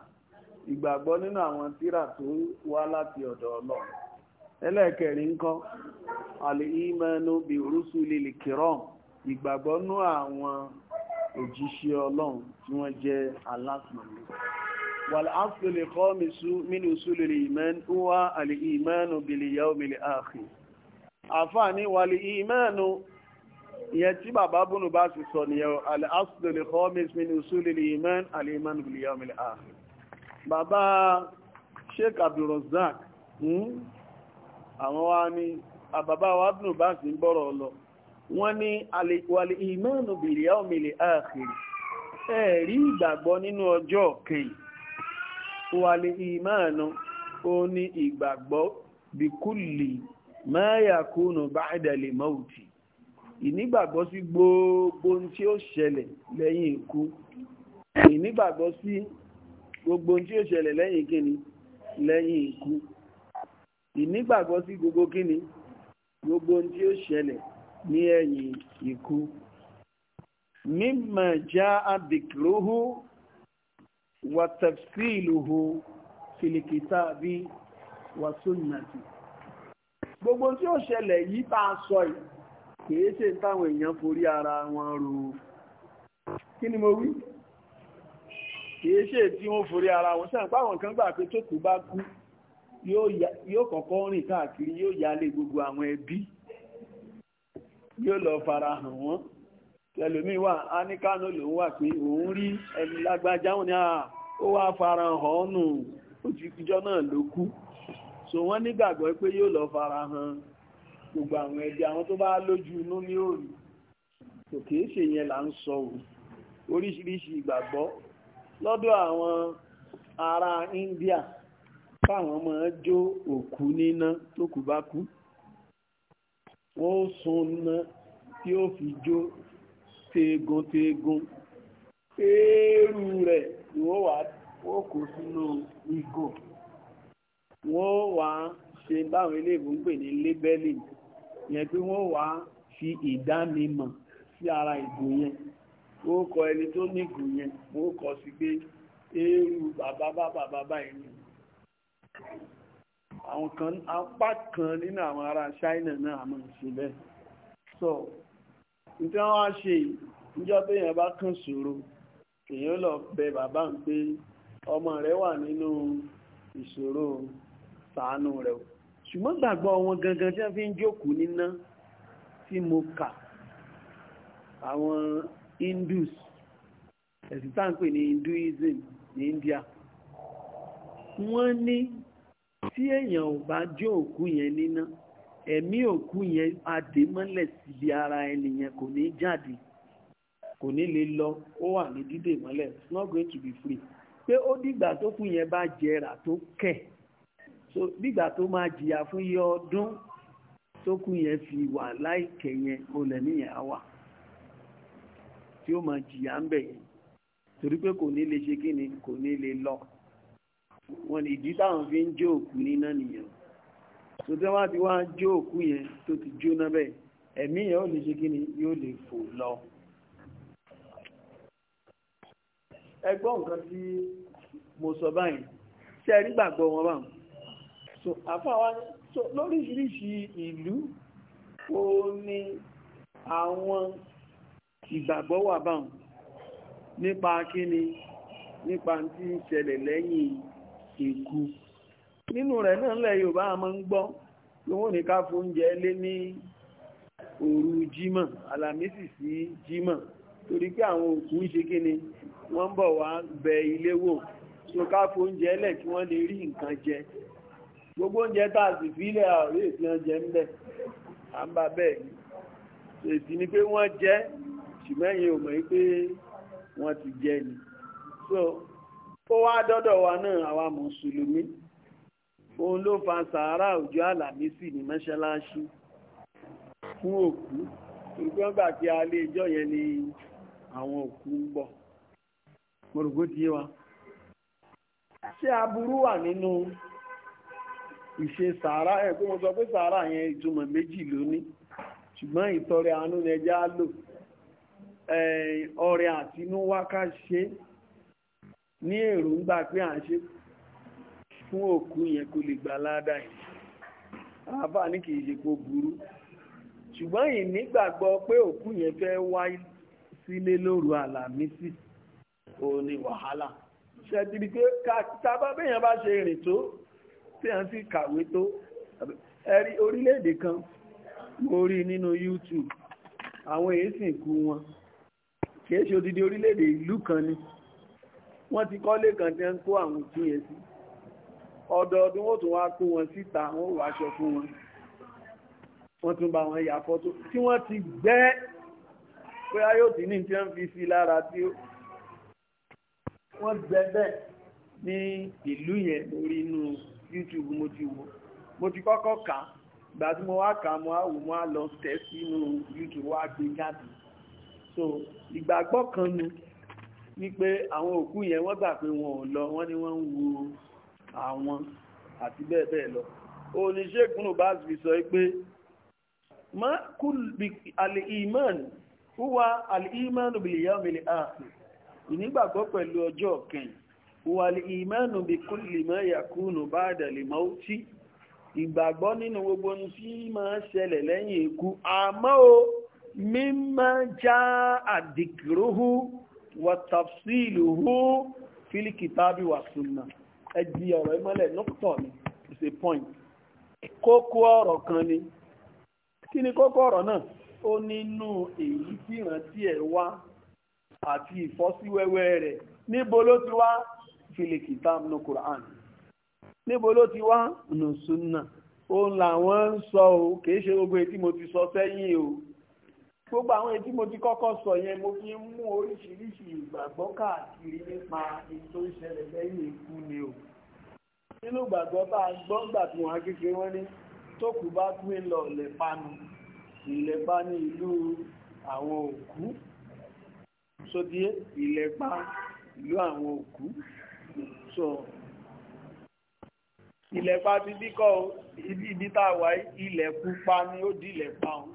ìgbàgbọ́ nínú àwọn tírà tó wá láti ọ̀dọ̀ ọlọ́run ẹlẹ́kẹrin ń kọ́ alẹ́ ìmẹ́nu bìrúsùlì kìrọ́mù ìgbàgbọ́ nú àwọn òjíṣẹ́ ọlọ́run tí wọ́n jẹ́ alásìmọ̀lẹ́ wàlásì lè kọ́ mínú súlù lè mẹ́nu wá àlè ìmẹ́nu bìlì yàó mìlì ààfin àfáàní wàlè ìmẹ́nu ìyẹn tí bàbá búnú bá sì sọ nìyẹn alásì lè kọ́ mínú súlù lè mẹ́nu àlè ìmẹ́nu bìlì àwọn wa ni àbàbá wa búnú bá sì ń bọ̀rọ̀ lọ wọ́n ní wàlì ìmánu bil yawmil akhir ẹ̀rí ìgbàgbọ́ nínú ọjọ́ kẹyìn wàlì ìmánu ó ní ìgbàgbọ́ bikulli ma yakunu ba'da li mauti ìnígbàgbọ́ sí gbogbo tí ó ṣẹlẹ̀ lẹ́yìn ikú ìnígbàgbọ́ sí gbogbo tí ó ṣẹlẹ̀ lẹ́yìn kíni lẹ́yìn ikú ìnígbàgbọ́ sí gbogbo kíni gbogbo tí ó ṣẹlẹ̀ ní ẹ̀yìn ikú mímọ̀ já àdìkìlóhù wàtẹ̀fíìlùhù fìlìkìtàbí wàsúnnàtì gbogbo tí ó ṣẹlẹ̀ yìí tá a sọ yìí kìí ṣe táwọn èèyàn forí ara wọn rò kí ni mo wí kìí ṣe tí wọ́n forí ara wọn sẹ́yìn páwọn kan gbà pé tó kù bá kú yóò kọ́kọ́ rìn káàkiri yóò yálé gbogbo àwọn ẹbí yóò lọ fara hàn wọ́n tẹlomi wà á ní kánò lòun wà pé òun rí ẹni lágbájá òun ni ó wá fara hàn nù òjìjọ náà ló kú so wọ́n nígbàgbọ́ pé yóò lọ fara hàn gbogbo àwọn ẹbí àwọn tó bá lójú inú ní òòrì kò kìí ṣe yẹn là ń sọ o oríṣiríṣi ìgbàgbọ́ lọ́dọ̀ àwọn ará India fáwọn ọmọ jó òkú níná tó kù bá kú wọ́n ó sun ná tí ó fi jó teegun teegun eérú rẹ̀ ni wọ́n wà wọ́n kó sínú ìgò wọ́n wà ṣe báwọn eléèbó ń pè ní lébẹ́lì yẹn pé wọ́n wà fi ìdánimọ̀ sí ara ìgò yẹn wọ́n kọ ẹni tó ní ìgò yẹn wọ́n kọ sí pé eérú bàbá bàbá bàbá yẹn àwọn kan apá kan nínú àwọn ará China náà àmọ́ ṣe bẹ́ẹ̀ so nítorí wọ́n á ṣe níjọ́ tó yẹn bá kàn ṣòro èèyàn lọ bẹ bàbá ń pé ọmọ rẹ̀ wà nínú ìṣòro ṣàánú rẹ̀ o ṣùgbọ́n gbàgbọ́ wọn gangan tí wọ́n fi ń jókòó níná tí mo kà àwọn Hindus ẹ̀sìn tá ní Hinduism ní India wọ́n ní tí èèyàn ò bá jó òkú yẹn níná ẹ̀mí òkú yẹn adémọ́lẹ̀ síbi ara ẹni yẹn kò ní jáde kò ní lè lọ ó wà ní dídè mọ́lẹ̀ it's not going to be free pé ó dìgbà tó kú yẹn bá jẹrà tó kẹ̀ so dìgbà tó máa jìyà fún iye ọdún tó kú yẹn fi wà láìkẹ̀ yẹn olè níyẹn á wà tí ó máa jìyà ń bẹ̀ yẹn torí pé kò ní lè ṣe kí ni kò ní lè lọ wọn ni ìdí táwọn fi ń jó òkú níná nìyẹn tó tẹ́ wá ti wá jó òkú yẹn tó ti jóná bẹ́ẹ̀ ẹ̀mí yẹn ó lè ṣe kíni yóò lè fò lọ. ẹ nǹkan tí mo sọ báyìí ṣe rí gbàgbọ́ wọn báwọn so àfáwa so lóríṣiríṣi ìlú ó ní àwọn ìgbàgbọ́ wà báwọn nípa kíni nípa tí ń ṣẹlẹ̀ lẹ́yìn eku nínú rẹ̀ náà lẹ̀ Yorùbá a máa ń gbọ́ pé wọ́n ní ká fóúnjẹ lé ní òru jímọ̀ àlàmísì sí jímọ̀ torí pé àwọn òkú ń ṣe kíni wọ́n ń bọ̀ wá bẹ ilé wò tó ká fóúnjẹ lẹ̀ kí wọ́n lè rí nǹkan jẹ gbogbo oúnjẹ tá a sì fílẹ̀ àwòrán èsì oúnjẹ ń bẹ̀ à ń bá bẹ́ẹ̀ ni èsì ni pé wọ́n jẹ ṣùgbọ́n ẹ̀yin ò mọ̀ pé wọ́n ti jẹ ni so ó wá dọ́dọ̀ wa náà àwa mùsùlùmí òun ló fa sàárà ọjọ́ àlàmísì ní mọ́ṣáláṣí fún òkú ìgbẹ́ ọgbà a lé ìjọ yẹn ni àwọn òkú ń bọ̀ mọ̀rùgbó ti yé wa ṣé aburú wà nínú ìṣe sàárà ẹ̀ pé mo sọ pé sàárà yẹn ìtumọ̀ méjì lónìí ṣùgbọ́n ìtọrẹ àánú ni ẹja lò ọrẹ àtinúwá ká ṣe é ní èròǹgbà pé à ń ṣe fún òkú yẹn kó lè gbà ládà yìí àbá ní kìí ṣe kó burú ṣùgbọ́n ìnígbàgbọ́ pé òkú yẹn fẹ́ wá sílé lóru àlàmísì òun ni wàhálà ṣẹ́dìrí pé tàbá béèyàn bá ṣe ìrìn tó tí sì kàwé tó ẹ̀rí orílẹ̀-èdè kan mo rí nínú YouTube àwọn èyí sìnkú wọn kìí ṣe odidi orílẹ̀-èdè ìlú kan ni wọ́n ti kọ́lé kan tẹ́ ń kó àwọn tí yẹn sí ọdọọdún ó tún wá kó wọn síta wọ́n wọ aṣọ fún wọn wọ́n tún bá wọn yà fọ́tò tí wọ́n ti gbẹ́ pé a yóò tí ní tí wọ́n fi sí lára tí wọ́n gbẹ́ bẹ́ẹ̀ ní ìlú yẹn lórí inú YouTube mo ti wò mo ti kọ́kọ́ kà á ìgbà tí mo wá kà á mo á wò mo á lọ tẹ̀ sínú YouTube wá gbé jáde so ìgbàgbọ́ kan nu wípé àwọn òkú yẹn wọ́n gbà pé wọn ò lọ wọ́n ní wọ́n ń wo àwọn àti bẹ́ẹ̀ bẹ́ẹ̀ lọ oníṣègùn ló bá fi sọ pé al-iman huwa al-iman bil yawmil akhir ìnígbàgbọ́ pẹ̀lú ọjọ́ kẹyìn huwa al-iman bi kulli ma yakunu ba'da al-mawti ìgbàgbọ́ nínú gbogbo ohun tí máa ṣẹlẹ̀ lẹ́yìn ikú àmọ́ o mímọ́ já àdìkìrúhù wàtàfsílùú fílìkìtàbí wà súnà ẹ̀dì ọ̀rọ̀ ìmọ́lẹ̀ nọ́pọ̀tọ̀ ni it's a point kókó ọ̀rọ̀ kan ni kí ni kókó ọ̀rọ̀ náà ó nínú èyí tí ìrántí ẹ̀ wá àti ìfọ́síwẹ́wẹ́ rẹ̀ níbo ló ti wá fílìkìtàbí ní Qur'an níbo ló ti wá nù súnà òun làwọn ń sọ o kì í ṣe gbogbo èyí tí mo ti sọ sẹ́yìn o gbogbo àwọn ètí mo ti kọ́kọ́ sọ yẹn mo fi ń mú oríṣiríṣi ìgbàgbọ́ káàkiri nípa ètò ìṣẹ̀lẹ̀ lẹ́yìn ikú ni o nínú ìgbàgbọ́ bá a gbọ́ gbà tí wọ́n á kékeré wọ́n ní tó kù bá kú ń lọ ìlẹ̀panu ìlẹ̀pa ní ìlú àwọn òkú sódíé ìlẹ̀pa ìlú àwọn òkú sọ ìlẹ̀pa ti díkọ̀ ibi tá a wà ilẹ̀ pupa ni ó di ìlẹ̀pa ọ̀hún.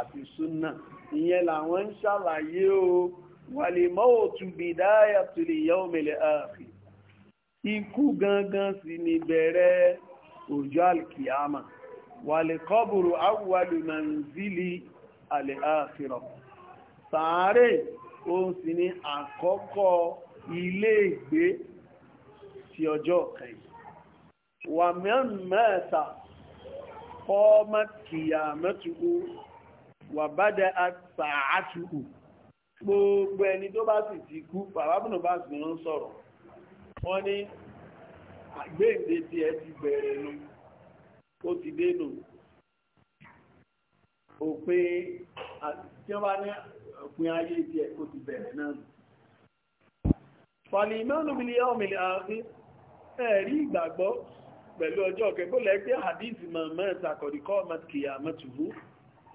àti súnà ìyẹn làwọn ń ṣàlàyé o wàlìmọ́ òtù bìdáyà tó lè yẹ òmìnir ààfì ikú gangan sì ni bẹ̀rẹ̀ ọjọ́ alkiyama wàlìkọ́bùrù awwalu manzili alẹ́ ààfìrọ̀ sàárè òun sì ni àkọ́kọ́ ilé ti ọjọ́ kẹyìn wà mẹ́ta kọ́ mẹ́kìyà mẹ́tùkú wà bàdà àtàtúkù gbogbo ẹni tó bá sì ti kú bàbábùnà bá sì ń sọ̀rọ̀ wọ́n ní àgbéǹde tí ẹ ti bẹ̀rẹ̀ nu ó ti dé nù òpin tí wọ́n bá ní òpin ayé tí ẹ kó ti bẹ̀rẹ̀ náà fàlìmọ́nù bí i ọmọ ìlàáfí ẹ̀rí ìgbàgbọ́ pẹ̀lú ọjọ́ kẹ́kọ́ lẹ́gbẹ́ àdíìsì mọ̀mọ́ ìtàkọ̀díkọ́ mọ̀tìkìyà mọ̀tìkú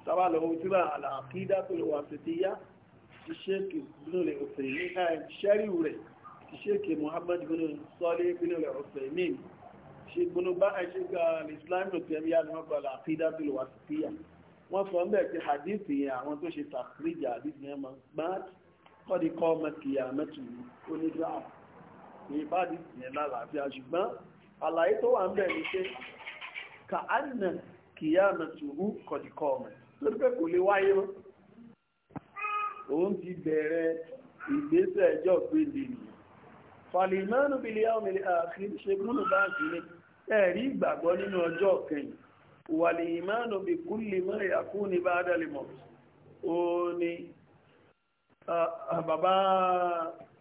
sábà lọ ohun tí bá àlàkídá tó lè wà sí ti yá ti ṣéèkì gúnlẹ̀ òfin ní ṣẹ́ríù rẹ̀ ti ṣéèkì Muhammad sọ́lé gúnlẹ̀ òfin ní ṣe bá ẹṣẹ́ gba Islam tó tẹ̀mí yá ni wọ́n gba àlàkídá tó lè wà sí ti hadith yẹn àwọn tó ṣe tàkìrìjà hadith yẹn máa gbá kọ́dí kọ́ ọmọ kìyà mẹ́tù ni pé kàánà kìyà mẹ́tù kọ́dí kọ́ ọmọ torí pé kò lè wáyé mọ́ òun ti bẹ̀rẹ̀ ìgbésẹ̀ ẹjọ́ gbèdè nìyẹn fàlìmọ́nù bí lè ọmọ ààfin ṣe múnú báńkì ní ẹ̀rí ìgbàgbọ́ nínú ọjọ́ kẹyìn wàlìmọ́nù bí kúlè mọ́ ìyàkú ní bá dálẹ̀ mọ́ ó ní bàbá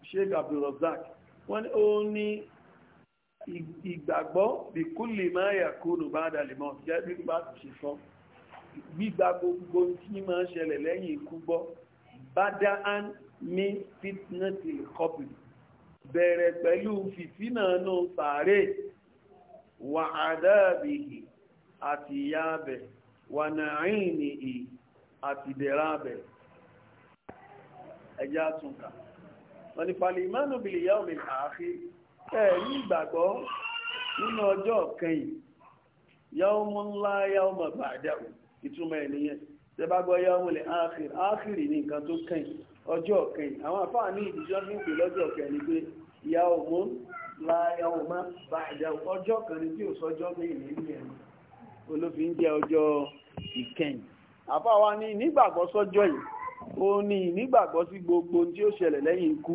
sheik abdulrozak wọ́n ní ó ní ìgbàgbọ́ bí kúlè mọ́ ìyàkú ní bá dálẹ̀ mọ́ jẹ́ bí bá ti ṣe sọ́ọ́ gbígba gbogbo tí máa ń ṣẹlẹ̀ lẹ́yìn ikú gbọ́ bada an ní fitnatil kọpì bẹ̀rẹ̀ pẹ̀lú fìtínà náà sàárè wà àdáàbìhì àti ìyáàbẹ̀ wà nàáìnì ì àti ìdẹ̀ráàbẹ̀ ẹjá túnkà wọ́n ni pàlì ìmánu bìlì yá omi àáfí ẹ̀ ní ìgbàgbọ́ nínú ọjọ́ kẹyìn yá ọmọ ńlá yá ọmọ bàdáwò ìtumọ̀ ẹ̀ nìyẹn tẹ bá gbọ́ yá wọlé áàkìrì áàkìrì ní nǹkan tó kẹ́yìn ọjọ́ kẹ́yìn àwọn àfáà ní ìdíjọ́ ní ìpè lọ́jọ́ kẹ́yìn pé ìyá òmó la ìyá òmá bá ìjà ọjọ́ kan ní tí ò sọjọ́ bẹ́ẹ̀ nínú ẹ̀ olófin jẹ́ ọjọ́ ìkẹyìn àfáà wa ní ìnígbàgbọ́ sọ́jọ́ yìí ó ní ìnígbàgbọ́ sí gbogbo tí ó ṣẹlẹ̀ lẹ́yìn ikú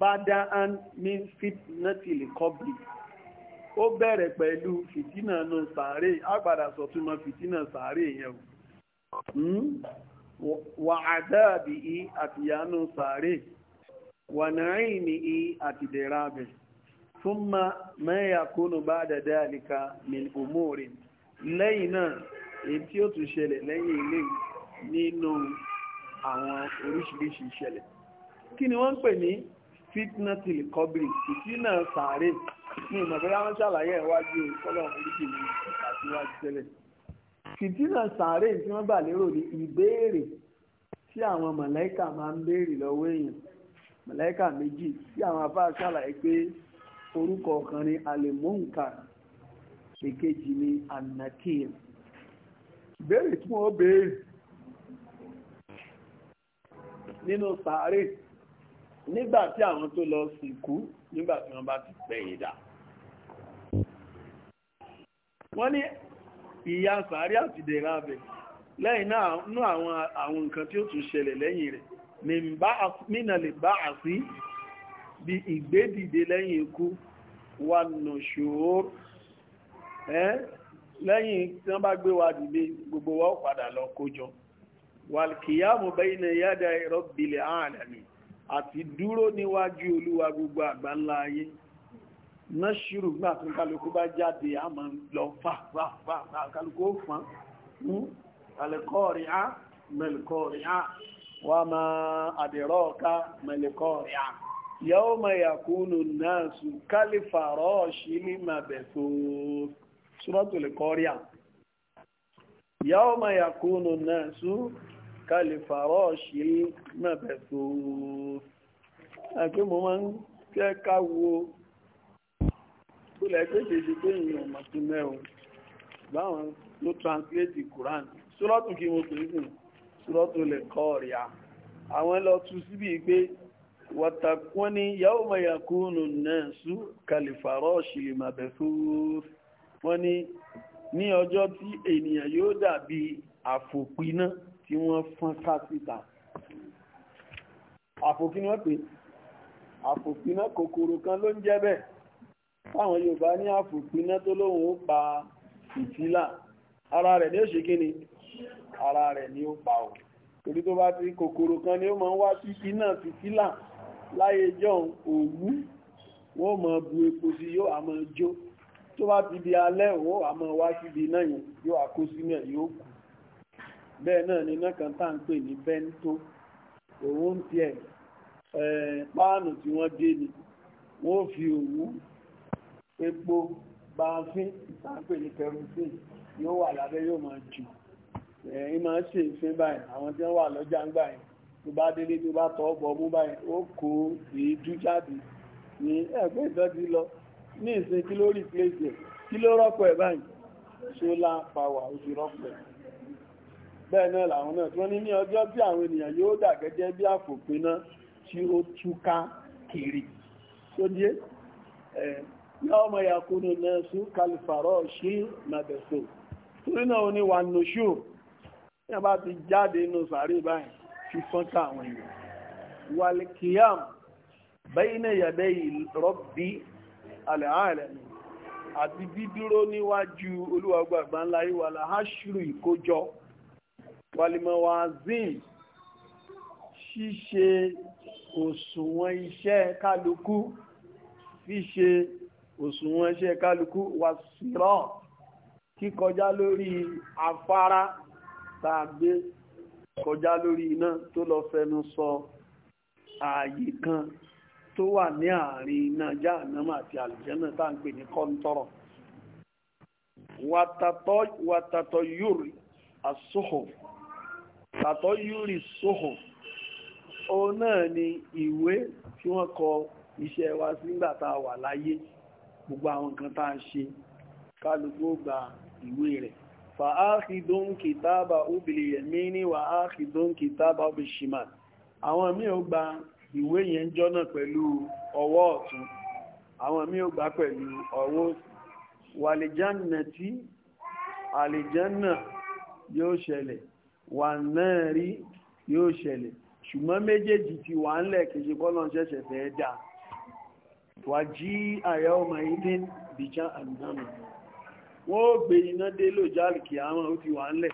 bá dá án ní fitnatili kọ́bìlì ó bẹ̀rẹ̀ pẹ̀lú fìtínà nù sàárè àgbàdà sọ̀túnmọ́ fìtínà sàárè yẹn o hmm? wà àdáàbì i àtìyànú sàárè wà nàáìní i àtìdẹ̀rà bẹ̀ fún ma mẹ́yà kúnnù bá dàdá àlìkà min umuri lẹ́yìn náà èyí tí ó tún ṣẹlẹ̀ lẹ́yìn ilé nínú àwọn oríṣiríṣi kí ni wọ́n ń pè ní fitnatil sàárè ní ìmọ̀bẹ́lá wọn ṣàlàyé ẹ̀wájú ọlọ́run oríṣi ní àtiwájú tẹ́lẹ̀. fìtínà sàárè tí wọ́n gbà lérò ní ìbéèrè tí àwọn mọ̀lẹ́kà máa ń béèrè lọ́wọ́ èèyàn mọ̀lẹ́kà méjì tí àwọn afá ṣàlàyé pé orúkọ ọ̀kan ni alemonka èkejì ni anakir ìbéèrè tí wọ́n béèrè nínú sàárè nígbà tí àwọn tó lọ sìnkú nígbà tí wọ́n bá ti pẹ̀yìn dà wọ́n ní ìyà sàárì àti dẹ̀ra abẹ̀ lẹ́yìn náà nú àwọn àwọn nǹkan tí ó tún ṣẹlẹ̀ lẹ́yìn rẹ̀ mìnà lè bá àsí bí ìgbédìde lẹ́yìn ikú wà nà ṣòro ẹ́ lẹ́yìn tí wọ́n bá gbé wa dìde gbogbo wa padà lọ kójọ wàlkìyàmù bẹ́yìn náṣírù gbà tó kálukú bá jáde a máa ń lọ fàfàfà kálukú ó fán mú hmm? alẹ́kọ́ọ̀rì á mẹ́lẹ̀kọ́ọ̀rì á wà máa àdìrọ́ ọ̀ká mẹ́lẹ̀kọ́ọ̀rì á yàó ma yàkúnù náà sù kálífàrọ́ ọ̀ṣì ní màbẹ̀tò ṣúrọ́tòlẹ̀kọ́ọ̀rì á yàó ma yàkúnù náà sù kálífàrọ́ ọ̀ṣì ní màbẹ̀tò àti mo máa ń kẹ́ka wo kó lẹ́ pé kèèjì pé èèyàn mọ̀ sí mẹ́rin báwọn ló translate Quran sọ́lọ́tù kí mo pè é sìn lè kọ́ ọ̀rìà àwọn lọ tú síbi pé wàtàkùn ni yàwó mayakunu náà sú kàlìfàrọ́ ṣìlìmàbẹ̀fó wọ́n ní ní ọjọ́ tí ènìyàn yóò dàbí àfòpiná tí wọ́n fọ́n ká síta àfòpiná pé àfòpiná kòkòrò kan ló ń jẹ́ bẹ́ẹ̀ táwọn Yorùbá ní àfòpiná tó lóhun ó pa ìtìlá ara rẹ̀ ní òṣè kí ni ara rẹ̀ ni ó pa ò torí tó bá ti kòkòrò kan ni ó máa ń wá sí iná fìtílà láyé jọun òwú wọ́n máa bu epo sí yóò a máa jó tó bá ti di alẹ́ òun ni iná kan tá à ń wọ́n fi òwú epo bàáfín sáńpè ní kẹrùsìn yóò wà lábẹ́ yóò máa jù ẹ̀yìn máa ṣe ìfín báyìí àwọn tí wọ́n wà lọ́jà ń gbà yìí tó bá délé tó bá tọ́ ọ̀bọ̀ mú báyìí ó kó èédú jáde ní ẹgbẹ́ ìdọ́jú lọ ní ìsìn kí ló replace ẹ̀ kí ló rọ́pò ẹ̀ báyìí solar power ó ti rọ́pò ẹ̀ bẹ́ẹ̀ náà làwọn náà tí wọ́n ní ní ọjọ́ tí àwọn ènìyàn yóò dà gẹ́gẹ́ bí àfòpiná tí ó túká kiri tó díẹ̀ yawma yakunu nasu kalfarashi mabẹ́sọ̀ torí náà ní wà nùṣù yẹn bá ti jáde inú sàárè báyìí fi fọ́nká àwọn èèyàn wàlìkìyàm bayna yadayi rabbi alẹ́hàlẹ́mì àti dídúró níwájú olúwàgbàgbà ńlá ìwà làhásùrù ìkójọ wàlìmọ̀wàzín ṣíṣe òṣùwọ̀n iṣẹ́ kálukú fi ṣe òṣùwọ̀n iṣẹ́ kálukú wà sírọ̀ kíkọjá lórí afárá tàbí kọjá lórí iná tó lọ fẹnu sọ ààyè kan tó wà ní àárín iná jáànámà àti àlùjẹ́nà tá ń pè ní kọ́ńtọ́rọ̀ wàtàtọ̀ yúrì àsóhò tàtọ̀ yúrì sóhò òun náà ni ìwé tí wọ́n kọ iṣẹ́ wa sígbà tá a wà láyé gbogbo àwọn nǹkan tá ṣe kálukú gba ìwé rẹ̀ fa áàkìdún kìtàbà obìnrin yẹ̀mí ní wà áàkìdún kìtàbà obìnrin shimal àwọn míì ó gba ìwé yẹn jọ́nà pẹ̀lú ọwọ́ ọ̀tún àwọn míì ó gba pẹ̀lú ọwọ́ òsì wàlìjánà tí àlìjánà yóò ṣẹlẹ̀ wà náà rí yóò ṣẹlẹ̀ ṣùgbọ́n méjèèjì ti wà ń lẹ̀ kìí ṣe bọ́lọ̀ ṣẹ̀ṣẹ̀ fẹ́ dáa wàjí àyàwọ̀mà ilé bìjá àmìnàmà wọ́n ó gbé iná dé ló jáàlì kì á mọ̀ ó ti wà ńlẹ̀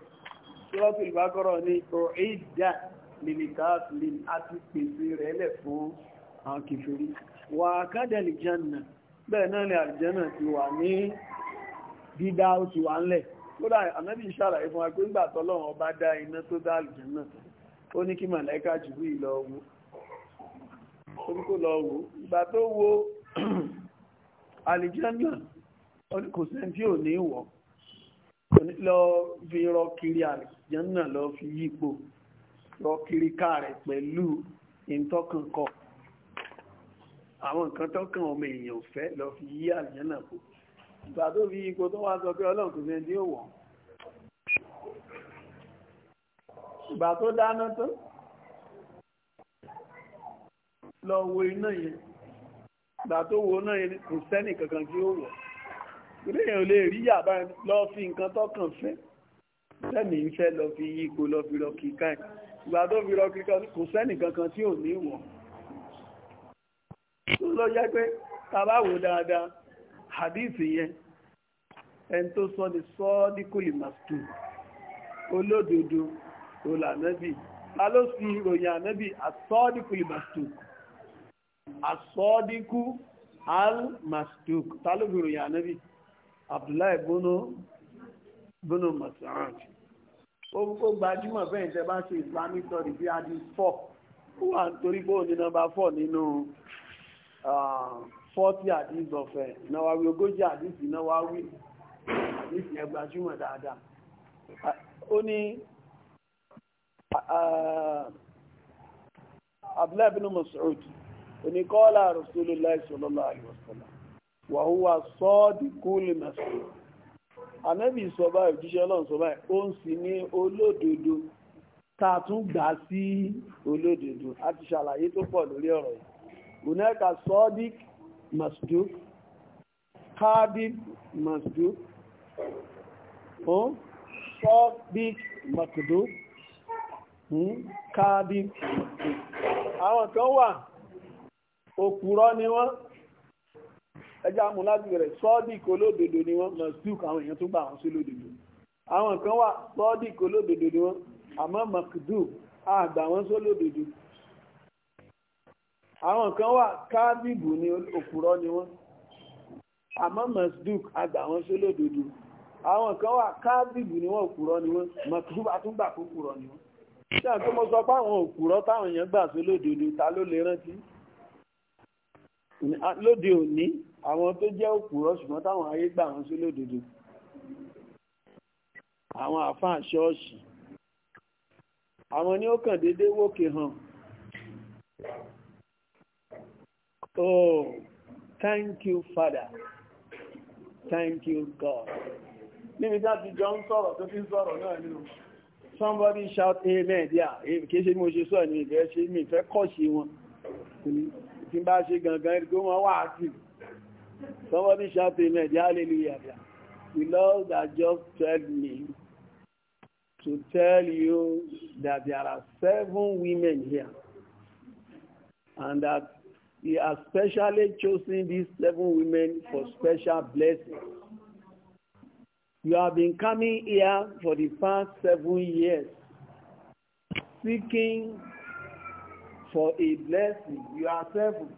sọ́lọ́pù ìbákọ́rọ̀ ní ọ̀ẹ́dà lìlìkáàfìlì àti pèsè rẹ̀ lẹ̀ fún àwọn kìfèrí wà kádẹ̀lì jẹ́nà bẹ́ẹ̀ náà lè àjẹ́nà ti wà ní dídá ó ti wà ńlẹ̀ ní kí màláíkà jù wí lọ ìgbà tó wo àlìjẹ́nà kò sẹ́ni tí ò ní wọ̀ lọ fi rọ kiri àlìjẹ́nà lọ fi yípo rọ kiri ká rẹ̀ pẹ̀lú ìtọ́kànkọ àwọn nǹkan tọ́kàn ọmọ èèyàn ò fẹ́ lọ fi yí àlìjẹ́nà kò ìgbà tó fi yípo tó wá sọ pé ọlọ́run kò sẹ́ni tí ò wọ̀ lọ wo iná yẹn ìgbà tó wo náà kò sẹ́nì kankan tí ó wọ̀ ilé èèyàn lè rí yàbá lọ fi nǹkan tọkàn fẹ́ sẹ́mi ń fẹ́ lọ fi yí ipò lọ fi rọ kíkà ẹ̀ ìgbà tó fi rọ kíkà kò sẹ́nì kankan tí ò ní wọ̀ tó lọ jẹ́ pé tá bá wò dáadáa hadith yẹn ẹni tó sọ ni sọ́ọ́díkùlì màsùtù olódodo olànẹ́bì ta ló fi ìròyìn ànẹ́bì àsọ́ọ́díkùlì màsùtù asọ́díkú al-masduk tálóbìrò yà náàbì abdullahi bono masarant ó gbajúmọ̀ bẹ́ẹ̀ tẹ́ bá ṣe islamic study bí adi 4 ó wà nítorí bóò ní nọmba 4 nínú 40 hadith of eh, Nawawi ogójì hadith Nawawi hadith yẹn gbajúmọ̀ dáadáa ó ní abdullahi bin Mas'ud oníkọ́lá Rasulullah sallallahu alaihi wasallam wa huwa sadiqul masduq ànábì sọ báyìí òjíṣẹ́ ọlọ́run sọ báyìí ó ń sì ní olódodo tá a tún gbà sí olódodo a ti ṣàlàyé tó pọ̀ lórí ọ̀rọ̀ yìí hunaka sadiq masduq hmm, kadib masduq sadiq masduq kadib masduq àwọn kan wà òpùrọ́ ni wọ́n ẹja amúlájú rẹ̀ sọ́ọ́dìkì olódodo ni wọ́n mọ̀síùkù àwọn èèyàn tó gbà wọ́n sí lódodo àwọn kan wà sọ́ọ́dìkì olódodo ni wọ́n àmọ́ mọ̀kìdù àgbà wọ́n sí lódodo àwọn kan wà káàdìbù ni òpùrọ́ ni wọ́n àmọ́ mọ̀síùkù àgbà wọ́n sí lódodo àwọn kan wà káàdìbù ni wọ́n òpùrọ́ ni wọ́n mọ̀kìdù àtúngbà kó òpùrọ́ ni wọ́n ṣé àtúmọ̀ sọ pé àwọn òpùrọ́ táwọn èèyàn gbà sí lódodo ta ló lè rántí lóde òní àwọn tó jẹ́ òpùrọ́ ṣùgbọ́n táwọn ayé gbà wọ́n sí lódodo àwọn àfáà ṣọ́ọ̀ṣì àwọn ní ó kàn déédé wókè hàn oh thank you father thank you god níbi táti jọ ń sọ̀rọ̀ tó fi ń sọ̀rọ̀ náà nínú somebody shout amen díà kìí ṣe bí ṣe sọ̀rọ̀ ní ìbẹ̀ẹ́ ṣe mi ìfẹ́ kọ́ ṣe wọn tí bá ṣe gangan ẹ̀rí tó wà á somebody shout amen hallelujah the Lord that just told me to tell you that there are seven women here and that he has specially chosen these seven women for special blessings. You have been coming here for the past seven years seeking for a blessing. You are seven.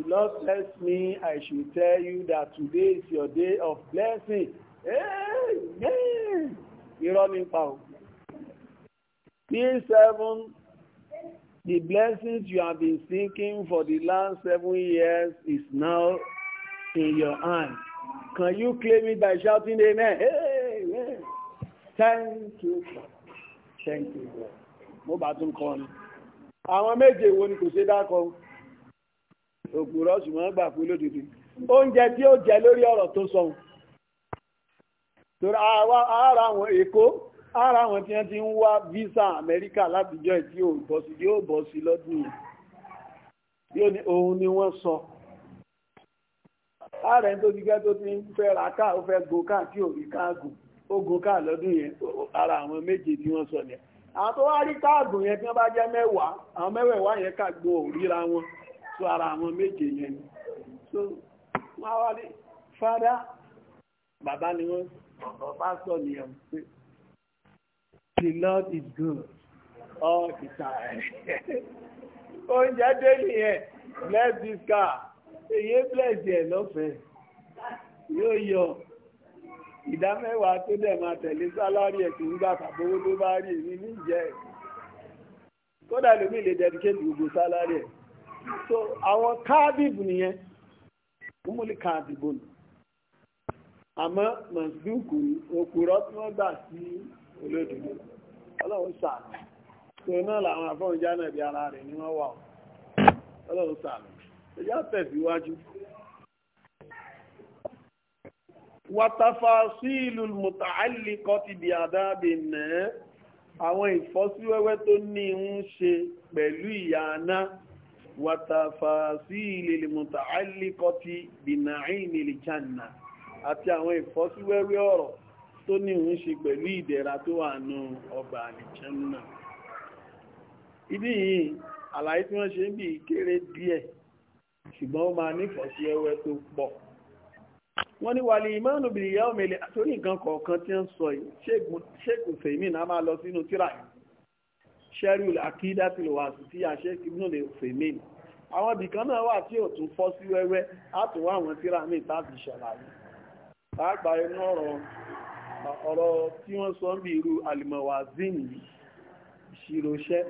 The Lord bless me. I should tell you that today is your day of blessing. Amen. Irọ́ nípa power. Dear seven, the blessings you have been seeking for the last seven years is now in your hand. Can you claim it by shouting amen? Amen. Thank you. Thank you. Mo bá tún kọ́ àwọn méje wo ni kò ṣe dákọ òpùrọ́ ṣùgbọ́n gbà pé lódodo oúnjẹ tí ó jẹ lórí ọ̀rọ̀ tó sọ torí ara àwọn èkó ara àwọn tí wọ́n ti ń wá visa Amẹ́ríkà látijọ́ ẹ̀ tí yóò bọ́ sí yóò bọ́ sí lọ́dún yìí yóò ní òun ni wọ́n sọ ààrẹ tó ti gẹ́ tó ti ń fẹ́ ra káà ó fẹ́ go káà tí ò rí káà gùn ó go káà lọ́dún yẹn ara àwọn méje tí wọ́n sọ nìyẹn àwọn tó wá rí káàgùn yẹn tí wọ́n bá jẹ́ mẹ́wàá àwọn mẹ́wẹ̀ẹ̀wá yẹn kàgbó ríra wọn tó ara àwọn méje yẹn so wọ́n wá ní fada bàbá ni wọ́n bá sọ nìyẹn pé the Lord is good all the time oúnjẹ dé nìyẹn bless this car èyí bless yẹn lọ́fẹ̀ẹ́ yóò yọ ìdá mẹ́wàá tó dẹ̀ máa tẹ̀lé sálárì ẹ̀ tó ń gbà fàbówó tó bá rí èmi ní ìjẹ́ ẹ̀ kódà lómi lè dedicate gbogbo sálárì ẹ̀ so àwọn káàdìbù nìyẹn múmúlì káàdìbù nù àmọ́ mọ̀sídùkù òkúrọ́ tí wọ́n gbà sí olódodo ọlọ́run sàmì tó náà làwọn àfọ̀njánà bí ara rẹ̀ ni wọ́n wà ọlọ́run sàmì ẹjọ́ tẹ̀síwájú wàtàfàṣílù mùtàálìkọ́ ti bí àdáàbì náà àwọn ìfọ́síwẹ́wẹ́ tó ní ń ṣe pẹ̀lú ìyàná wàtàfàṣílù mùtàálìkọ́ ti bí nàíní lìjánà àti àwọn ìfọ́síwẹ́wẹ́ ọ̀rọ̀ tó ní ń ṣe pẹ̀lú ìdẹ̀ra tó wà nù ọgbà àlìjánà ibi yìí àlàyé tí wọ́n ṣe ń bí kéré díẹ̀ ṣùgbọ́n ó máa nífọ̀síwẹ́wẹ́ tó pọ̀ wọ́n ní wàlì ìmánu bìí ìyá òmìnir torí nǹkan kọ̀ọ̀kan tí ń sọ yìí ṣéèkù fèmí náà máa lọ sínú tíra yìí sherul akidatil wasitiya ṣéèkù náà lè fèmí àwọn ibìkan náà wà tí ò tún fọ́ sí wẹ́wẹ́ á tún wá àwọn tíra míì tàbí ṣàlàyé pàápàá inú ọ̀rọ̀ ọ̀rọ̀ tí wọ́n sọ ń bí irú alimọ̀wazin yìí ìṣirò iṣẹ́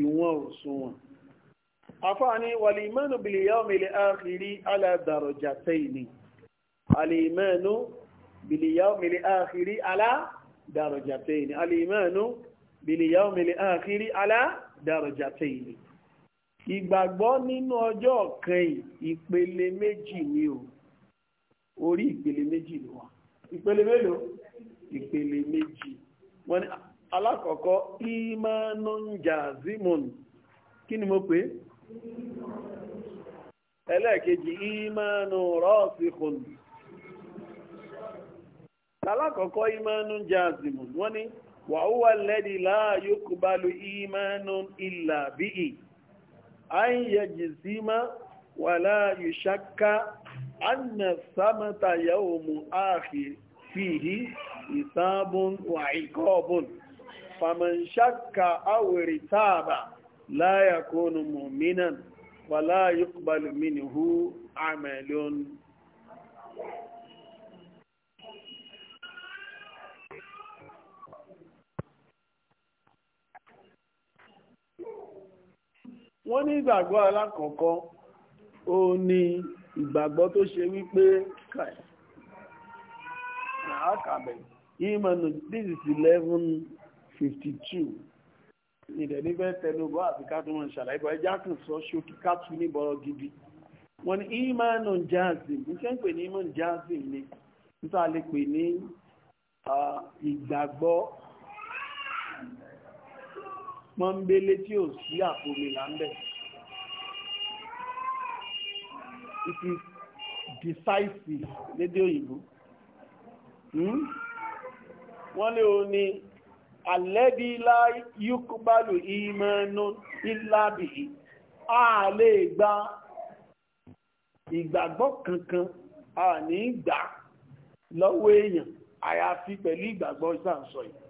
ìwọ̀n òṣùwọ̀n afáàní wàlìmọ́nù bìlì yawmi l-akhiri ala darajatayni alìmọ́nù bìlì yawmi l-akhiri ala darajatayni alìmọ́nù bìlì yawmi l-akhiri ala darajatayni ìgbàgbọ́ nínú ọjọ́ kẹyìn ìpele méjì ni o orí ìpele méjì ló wà ìpele mélòó ìpele méjì wọ́n ní alákọ̀ọ́kọ́ ìmánú ń zimun kí ni mo pè é ẹlẹ́ẹ̀kejì ìmánu rọ́ọ̀sìkùn alákọ̀ọ́kọ́ ìmánu jazimu wọ́n ní wàhúwà lẹ́dí láàáyó kúbalù ìmánu ìlà bíi àìyẹ jìzímá wà láàáyù ṣaká annà sámátà yàwó mú áàkì fìhí ìsáàbùn wà ìkọ́ọ̀bùn fàmàṣákà áwèrè táàbà la yakunu mu'minan wala yuqbalu minhu amalun wọ́n ní ìgbàgbọ́ alákọ̀ọ́kọ́ ó ní ìgbàgbọ́ tó ṣe wípé kàì àákàbẹ̀ ìmọ̀nà this nílẹ̀ níbẹ̀ tẹnubọ́ àti kátùmọ̀ ṣàlàyé bọ́ ẹjá kàn sọ ṣókí kátù níbọ̀rọ̀ gidi wọ́n ní imanu jazim iṣẹ́ ń pè ní imanu jazim ni níta lè pè ní ìgbàgbọ́ pọ́nbélé tí ò sí àpòmìlà ń bẹ̀ it is decisive lédè òyìnbó hmm? wọ́n lé o ní àlẹ́bí ilá yúkúbálù ìmọ̀ẹ́nu ìlàbì a lè gba ìgbàgbọ́ kankan a ní gbà lọ́wọ́ èèyàn àyàfi pẹ̀lú ìgbàgbọ́ ìsànsọ yìí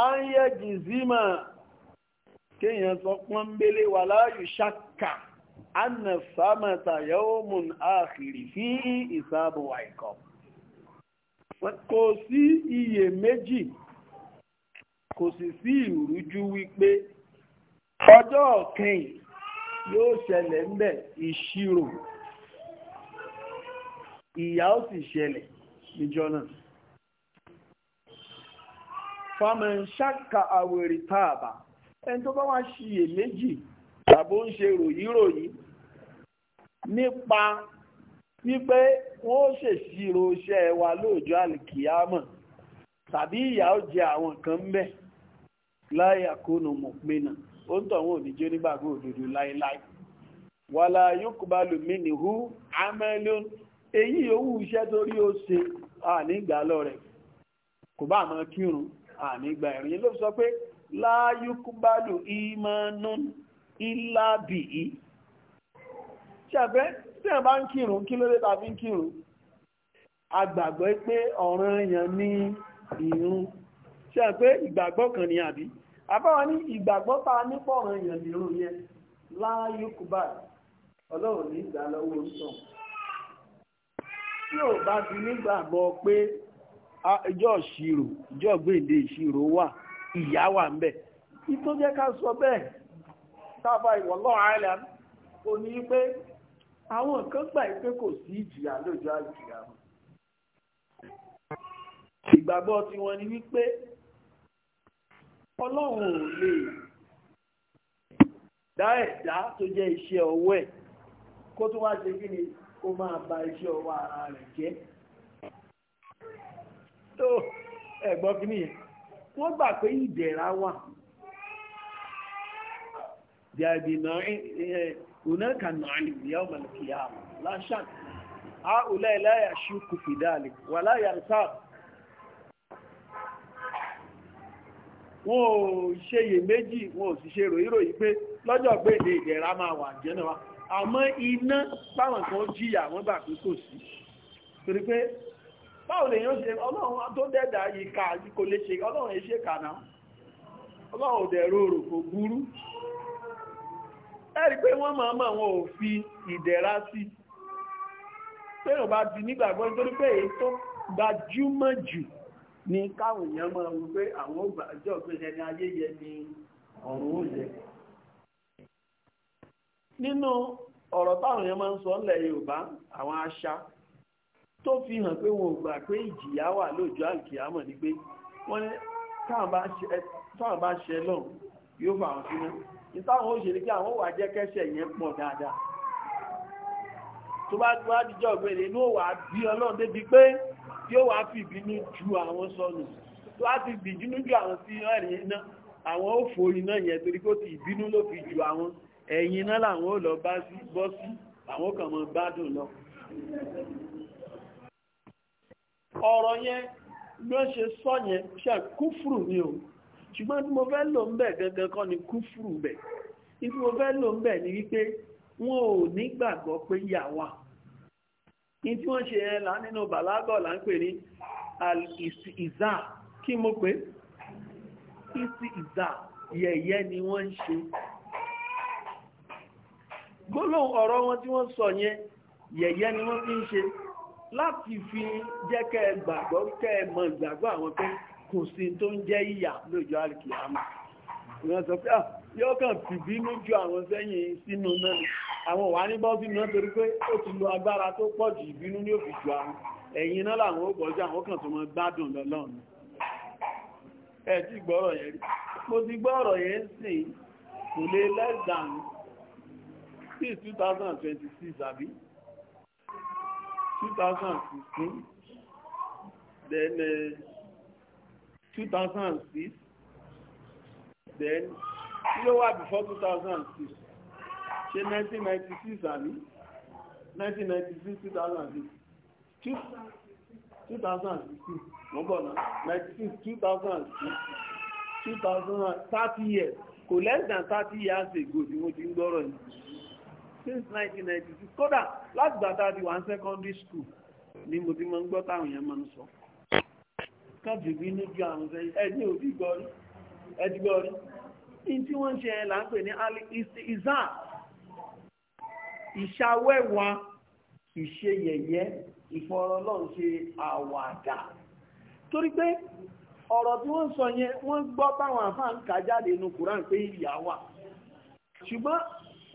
a ń yẹ jìzímọ̀ kéèyàn sọ pọ́n mbélé wà láàyò ṣáka anna samata yawmun akhiri fi isabu wa kò sí iyèméjì kò sì sí ìrújú wípé ọjọ́ kẹ́yìn yóò ṣẹlẹ̀ ń bẹ̀ ìṣirò ìyà ó sì ṣẹlẹ̀ níjọ́ náà. fámẹ́n ṣáka àwèrè tààbà ẹni tó bá wá ṣiyè méjì tàbí ó ń ṣe ròyìnròyìn nípa wípé wọ́n ó ṣèṣirò iṣẹ́ wa lóòjọ́ àlìkìyámọ̀ tàbí ìyà ó jẹ àwọn kan ń bẹ̀. láyà kónú mọ̀pínà ó ń tọ̀wọ́n òdíjé nígbàgbọ́ òdodo láíláí wàlá yókùbálù mí ní hú amẹ́lún èyí yòówù iṣẹ́ tó ó ṣe ànígbà lọ rẹ̀ kò bá kirun kírun ànígbà ìrìn ló sọ pé láyúkúbálù ìmọ̀nù ìlàbì í ṣàbẹ́ tí a bá ń kírun kí ló dé tàbí ń kírun a gbàgbọ́ pé ọ̀ranyàn ni ìrun ṣe pé ìgbàgbọ́ kan ni àbí àbáwọn ní ìgbàgbọ́ ta nípa ọ̀ràn èèyàn nìrò yẹn láàyè kùbà ọlọ́run ní ìgbà lọ́wọ́ sàn tí ò bá ti nígbàgbọ́ pé ìjọ ìṣirò ìjọ gbèǹde ìṣirò wà ìyá wà ń bẹ̀ kí tó jẹ́ ká sọ bẹ́ẹ̀ sábà ìwọ̀ lọ́rùn àìlà ò ní pé àwọn kan gbà pé kò sí ìjìyà lójú àìjìyà wọn ìgbàgbọ́ tiwọn ni wípé ọlọ́run ò lè dá ẹ̀dá tó jẹ́ iṣẹ́ ọwọ́ ẹ̀ kó tó wá ṣe kí ni kó máa ba iṣẹ́ ọwọ́ ara rẹ̀ jẹ́ tó ẹ̀gbọ́n kí nìyẹn wọ́n gbà pé ìdẹ̀ra wà هناك النعيم يوم القيامة لا شك هؤلاء لا يشك في ذلك ولا يرتاب wọn ò ṣeyè méjì wọn ò sì ṣe ròyìnròyìn pé lọ́jọ́ pé èdè ìdẹ̀ra máa wà jẹ́ náà àmọ́ iná báwọn kan jìyà wọ́n bà pé kò sí torí pé báwo lè ṣe ọlọ́run tó dẹ́dà yìí ká kò lè ṣe ọlọ́run ẹ̀ṣẹ́ kà ọlọ́run òdẹ̀ rorò kò burú ẹ̀rí pé wọ́n máa máa wọn ò fi ìdẹ̀ra sí tẹ́yìn bá di nígbàgbọ́ nítorí pé èyí tó gbajúmọ̀ jù ní káwọn èèyàn máa wù pé àwọn ògbà àjọ ìpèsè ní ayẹyẹ ní ọ̀run nínú ọ̀rọ̀ táwọn èèyàn máa ń sọ àṣà tó pé wọn ò gbà pé ìjìyà wà lójú ni pé wọ́n ní táwọn bá ṣe yóò fà sínú ní táwọn àwọn jẹ́ kẹ́sẹ̀ yẹn pọ̀ dáadáa tó bá ọ̀gbẹ́ni inú òwà bí yóò wá fi ìbínú ju àwọn sọnù láti bìjínú ju àwọn sí ẹ̀rìn iná àwọn ó fò iná yẹn torí kó ti ìbínú ló fi ju àwọn ẹ̀yìn iná làwọn ó lọ bá sí bọ́ sí àwọn kan mọ́ gbádùn lọ ọ̀rọ̀ yẹn ló ṣe sọ yẹn ṣe kúfùrù ni o ṣùgbọ́n tí mo fẹ́ lò ń bẹ̀ gẹ́gẹ́ kọ́ ni kúfùrù bẹ̀ tí mo fẹ́ lò ń bẹ̀ ni wípé wọn ò nígbàgbọ́ pé yà wà ní tí wọ́n ṣe yẹn là nínú bàlágọ̀ là ń pè ní ìsìzá kí mo pé ìsìzá yẹ̀yẹ́ ni wọ́n ń ṣe gbólóhùn ọ̀rọ̀ wọn tí wọ́n sọ yẹn yẹ̀yẹ́ ni wọ́n fi ń ṣe láti fi jẹ́ kẹ́ gbàgbọ́ kẹ́ mọ̀ ìgbàgbọ́ àwọn pé kò sí tó ń jẹ́ ìyà lójú àríkì àmà wọ́n sọ pé ah, yóò kàn fi bínú ju àwọn sẹ́yìn sínú náà àwọn wà ní bọ́ sínú náà torí pé ó ti lo agbára tó pọ̀ jù ìbínú ní òfin àwọn ẹ̀yìn náà làwọn ó gbọ́jọ́ àwọn kan tó mọ gbádùn lọ́lọ́run less than since 2026 àbí 2016 then 2006 eh, then kí ló wà before 2006 ṣe 1996 àní 1996 2006 2016 wọ́n bọ̀ náà 1996, 2006 2000 30 years kò less than thirty years ago tí wọ́n ti ń gbọ́rọ̀ yìí since 1996 kódà láti gbàtà di one secondary school ni mo ti máa ń gbọ́ táwọn èèyàn máa ń sọ kájú bí níbi àwọn ẹni òdìgbọ́rí ẹdìgbọ́rí in tí wọ́n ń ṣe ẹ̀là ń pè ní ìzá ìṣàwẹ́wà ìṣeyẹ̀yẹ́ ìfọ̀rọ̀lọ́n ṣe àwàdà torí pé ọ̀rọ̀ tí wọ́n sọ yẹn wọ́n gbọ́ táwọn àfáà ń kà jáde inú Kùránì pé ìyà wà ṣùgbọ́n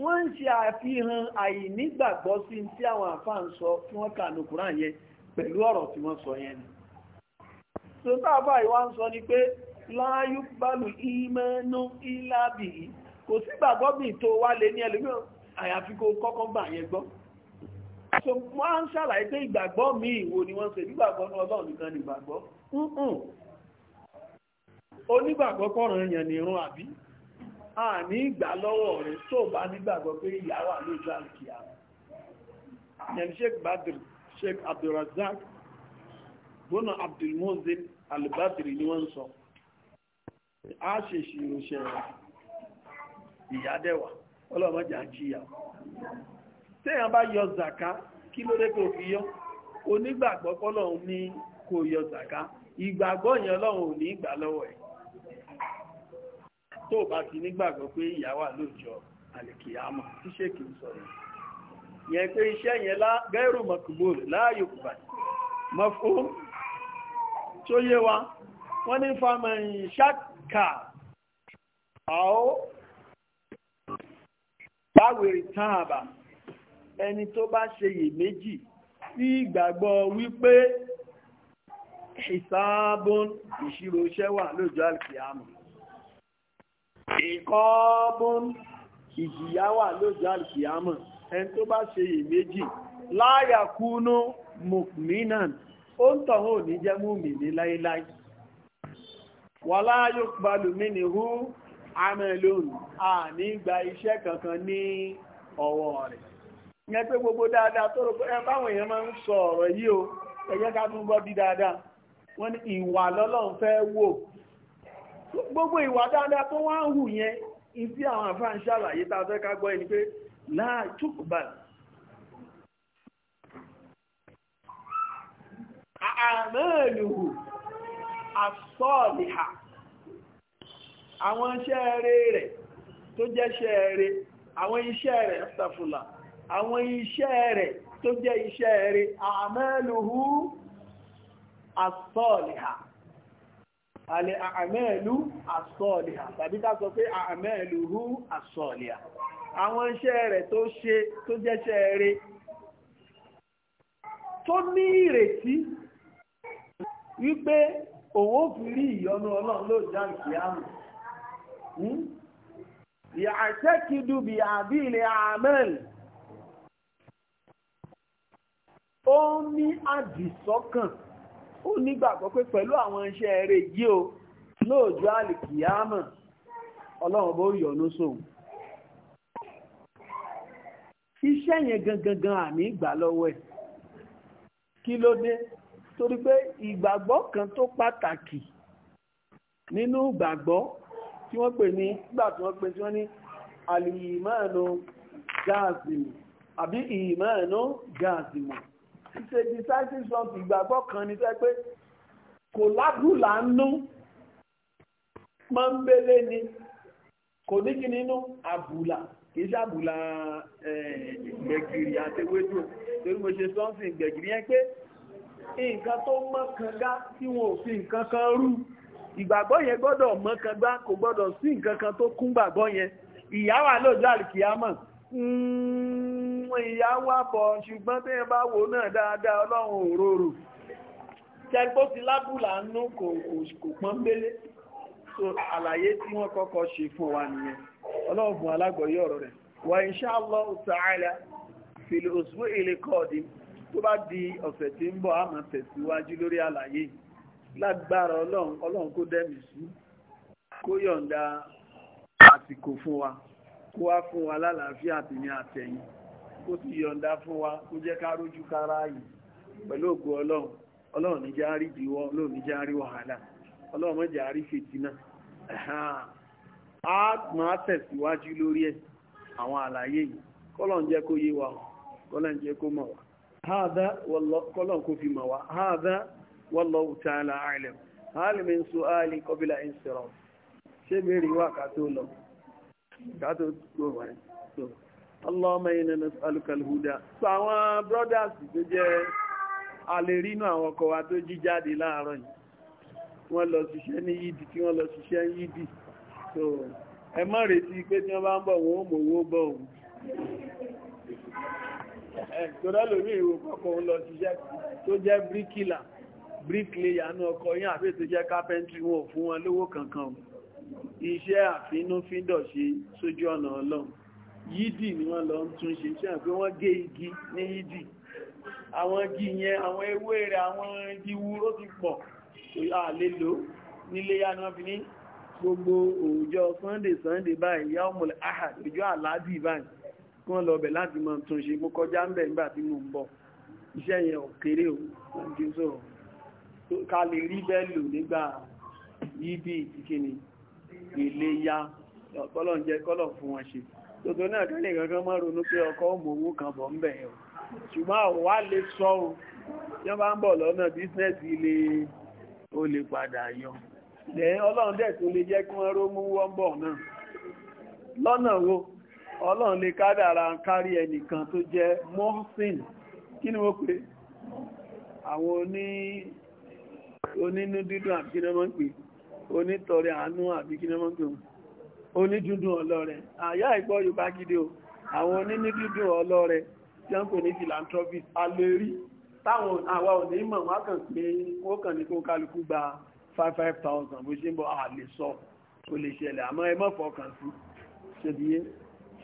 wọ́n ń ṣe àfihàn àìnígbàgbọ́ sí tí àwọn àfáà ń sọ tí wọ́n kà inú Kùránì yẹn pẹ̀lú ọ̀rọ̀ tí wọ́n sọ yẹn ni. tòun táwọn àfáà yìí wá ń sọ ni pé láyú bálù ìmẹ́nu ìlàbì kò sí gbàgbọ́ mi tó wá lé ní ẹlòmíràn àyàfi kó kọ́kọ́ gbà yẹn gbọ́ so wọ́n á ń ṣàlàyé pé ìgbàgbọ́ mi ìwò ni wọ́n ṣe nígbàgbọ́ ní ọlọ́run nìkan ni ìgbàgbọ́ onígbàgbọ́ kọ́ran yẹn ni irun àbí àní ìgbà lọ́wọ́ rẹ̀ tó bá nígbàgbọ́ pé ìyàwó àlójú àkìyà yẹn sheikh badr sheikh abdulrazak bọ́nà abdulmuzin albadri ni wọ́n sọ a ṣe ṣírò ṣẹ ìyádẹ́wà ọlọ́mọjà jíyà téèyàn bá yọ zàká kí ló dé kò fi yọ onígbàgbọ́ pọ́lọ́hun ní kò yọ zàká ìgbàgbọ́ yẹn ọlọ́run ò ní ìgbà lọ́wọ́ ẹ̀ tó bá ti nígbàgbọ́ pé ìyà wà lọ́jọ́ àlèkìyàmà tí ṣèkì ń sọ̀rọ̀ yẹn pé iṣẹ́ yẹn gẹ́rù mọ̀kùbòrò láàyò kùbà mọ́fó tó yé wa wọ́n ní fámọ̀ ìṣàkì car àó báwèrè tán àbà ẹni tó bá ṣe iyèméjì sí ìgbàgbọ́ wípé ìsáàbùn ìṣirò iṣẹ́ wà lọ́jọ́ alìkìyàmù ìkọ́bùn ìjìyà wà lọ́jọ́ alìkìyàmù ẹni tó bá ṣe iyèméjì láyàkúnú mùmínàn ó ń tọ̀hún ò ní jẹ́ múmi ní láíláí wala yuqbalu minhu amalun à ní gba iṣẹ́ kankan ní ọwọ́ rẹ̀ ìyẹn pé gbogbo dáadáa tó rò pé ẹ báwọn èèyàn máa ń sọ ọ̀rọ̀ yìí o ẹ jẹ́ ká tún gbọ́ bí dáadáa wọ́n ní ìwà lọ́lọ́run fẹ́ wò gbogbo ìwà dáadáa tó wá ń hù yẹn ibi àwọn àfáà ṣàlàyé tá a fẹ́ ká gbọ́ ẹni pé láà túkùbà àmẹ́ẹ̀lùhù àsọ́ọ̀lìhà àwọn iṣẹ́ rẹ̀ tó jẹ́ iṣẹ́ rẹ̀ àwọn iṣẹ́ rẹ̀ ṣàfùlà àwọn iṣẹ́ rẹ̀ tó jẹ́ iṣẹ́ rẹ̀ àmẹ́lùhú àsọ́ọ̀lìhà alẹ́ àmẹ́lù àsọ́ọ̀lìhà tàbí ká sọ pé àmẹ́lùhú àsọ́ọ̀lìhà àwọn iṣẹ́ rẹ̀ tó ṣe tó jẹ́ iṣẹ́ rẹ̀ tó ní ìrètí wípé òwò fi rí ìyọnu ọlọ́run ló já ìkìyàmù hmm? yàtẹ́kìdù bí àbí ilẹ̀ amẹ́l ó ní àdìsọ́kàn ó nígbàgbọ́ pé pẹ̀lú àwọn iṣẹ́ eré yìí o lóòjọ́ àlìkìyàmù ọlọ́run bó yọ̀nú sóhun iṣẹ́ yẹn gangan àmì ìgbà lọ́wọ́ ẹ̀ kí ló dé torí pé ìgbàgbọ́ kan tó pàtàkì nínú ìgbàgbọ́ tí wọ́n pè ní gbà tí wọ́n pè tí wọ́n ní alìmọ́ẹ̀nù gáàzìmù àbí ìmọ́ẹ̀nù gáàzìmù ṣe decisive something ìgbàgbọ́ kan ní sẹ́ pé kò lábùlà ń nú pọ́nbélé ni kò ní kí nínú àbùlà kìí ṣàbùlà gbẹ̀gìrì àtewédò torí mo ṣe something gbẹ̀gìrì yẹn pé nǹkan tó mọ́ kangá tí wọn ò fi nǹkan kan rú ìgbàgbọ́ yẹn gbọ́dọ̀ mọ́ kangá kò gbọ́dọ̀ sí nǹkan kan tó kún gbàgbọ́ yẹn ìyà wà lójú àlìkìyámọ̀ ìyà wà ṣùgbọ́n tí yẹn bá wò náà dáadáa ọlọ́run òróró tẹ́gbó ti lábùlà nú kò pọ́n gbélé so àlàyé tí wọ́n kọ́kọ́ ṣe fún wa nìyẹn ọlọ́run fún alágbọ̀yé ọ̀rọ̀ rẹ̀ wa insha tó bá di ọ̀sẹ̀ tí ń bọ̀ a máa tẹ̀síwájú lórí àlàyé lágbára ọlọ́run ọlọ́run kó dẹ́mi sí kó yọ̀ǹda àsìkò fún wa kó wá fún wa lálàáfíà àtìní àtẹ̀yìn kó sì yọ̀ǹda fún wa kó jẹ́ ká rójú kára yìí pẹ̀lú ògo ọlọ́run ọlọ́run ní járí ìdíwọ́ ọlọ́run ní járí wàhálà ọlọ́run mọ́jà rí fìtínà a máa tẹ̀síwájú lórí ẹ̀ àwọn àlàyé yìí kọ́lọ̀ ń jẹ́ kó yé wa kọ́lọ̀ ń jẹ́ kó mọ̀ wá هذا والله كلهم كفي موا هذا والله تعالى أعلم هل من سؤالي قبل انصراف شيء ميري واقع تولو كاتو تقول اللهم إنا نسألك الهدى سواء برودرز تجي alè àwọn ọkọ̀ wa tó jí jáde láàárọ̀ yìí wọ́n lọ ní tí wọ́n lọ ẹ pé tí wọ́n bá ń bọ̀ wọ́n mọ̀ bọ̀ tọ́lá lórí ìwò pọ́pọ̀ ń lọ ṣiṣẹ́ tó jẹ́ bíríkìlà bíríkìlìyà ní ọkọ̀ yín àbí tó jẹ́ kápẹ́ntì wọn ò fún wọn lówó kankan iṣẹ́ àfinúfíndọ̀ ṣe sójú ọ̀nà ọlọ́run yídì ni wọ́n lọ ń tún ṣe iṣẹ́ pé wọ́n gé igi ní yídì àwọn igi yẹn àwọn ewé rẹ̀ àwọn igi wúró ti pọ̀ àlélò nílé yá ni wọ́n fi ní gbogbo òòjọ́ sunday sunday báyìí yá ọmọlẹ̀ ahad ọjọ́ àládì báyìí kí wọ́n lọ bẹ̀ láti mọ̀ tún ṣe mo kọjá ń bẹ̀ nígbà tí mo ń bọ̀ iṣẹ́ yẹn ò kéré o láti sọ̀rọ̀ ká lè rí bẹ́ẹ̀ lò nígbà yíbi ìtìkìnì ìléyá kọ́lọ̀ ń jẹ́ kọ́lọ̀ fún wọn ṣe tòtò náà kẹ́lẹ̀ kankan mọ́ ronú pé ọkọ̀ ọmọ owó kan bọ̀ ń bẹ̀ ẹ̀ ṣùgbọ́n àwọ̀ lè sọ o tí wọ́n bá ń bọ̀ lọ́nà bísínẹ́sì ilé o lè padà yọ lẹ́yìn ọlọ́run dẹ̀ tó lè jẹ́ kí wọ́n rómú wọ́n bọ̀ náà lọ́nà wo ọlọ́run lè kádàrà ń kárí ẹnìkan tó jẹ́ mohsin kí ni mo pè àwọn oní onínú dídùn àbí kí ni wọ́n pè onítọrẹ àánú àbí kí ni wọ́n pè onídúndùn ọlọ́rẹ àyá ìgbọ́ yorùbá gidi o àwọn onínú dídùn ọlọ́rẹ tí wọ́n pè ní philanthropist alérí táwọn àwa ò mọ̀ wọ́n kàn pé wọ́n kàn ní kó kálukú gba five five thousand bó ṣe ń bọ̀ àlè sọ kò lè ṣẹlẹ̀ àmọ́ ẹ mọ̀ fọkàn sí ṣèdíyé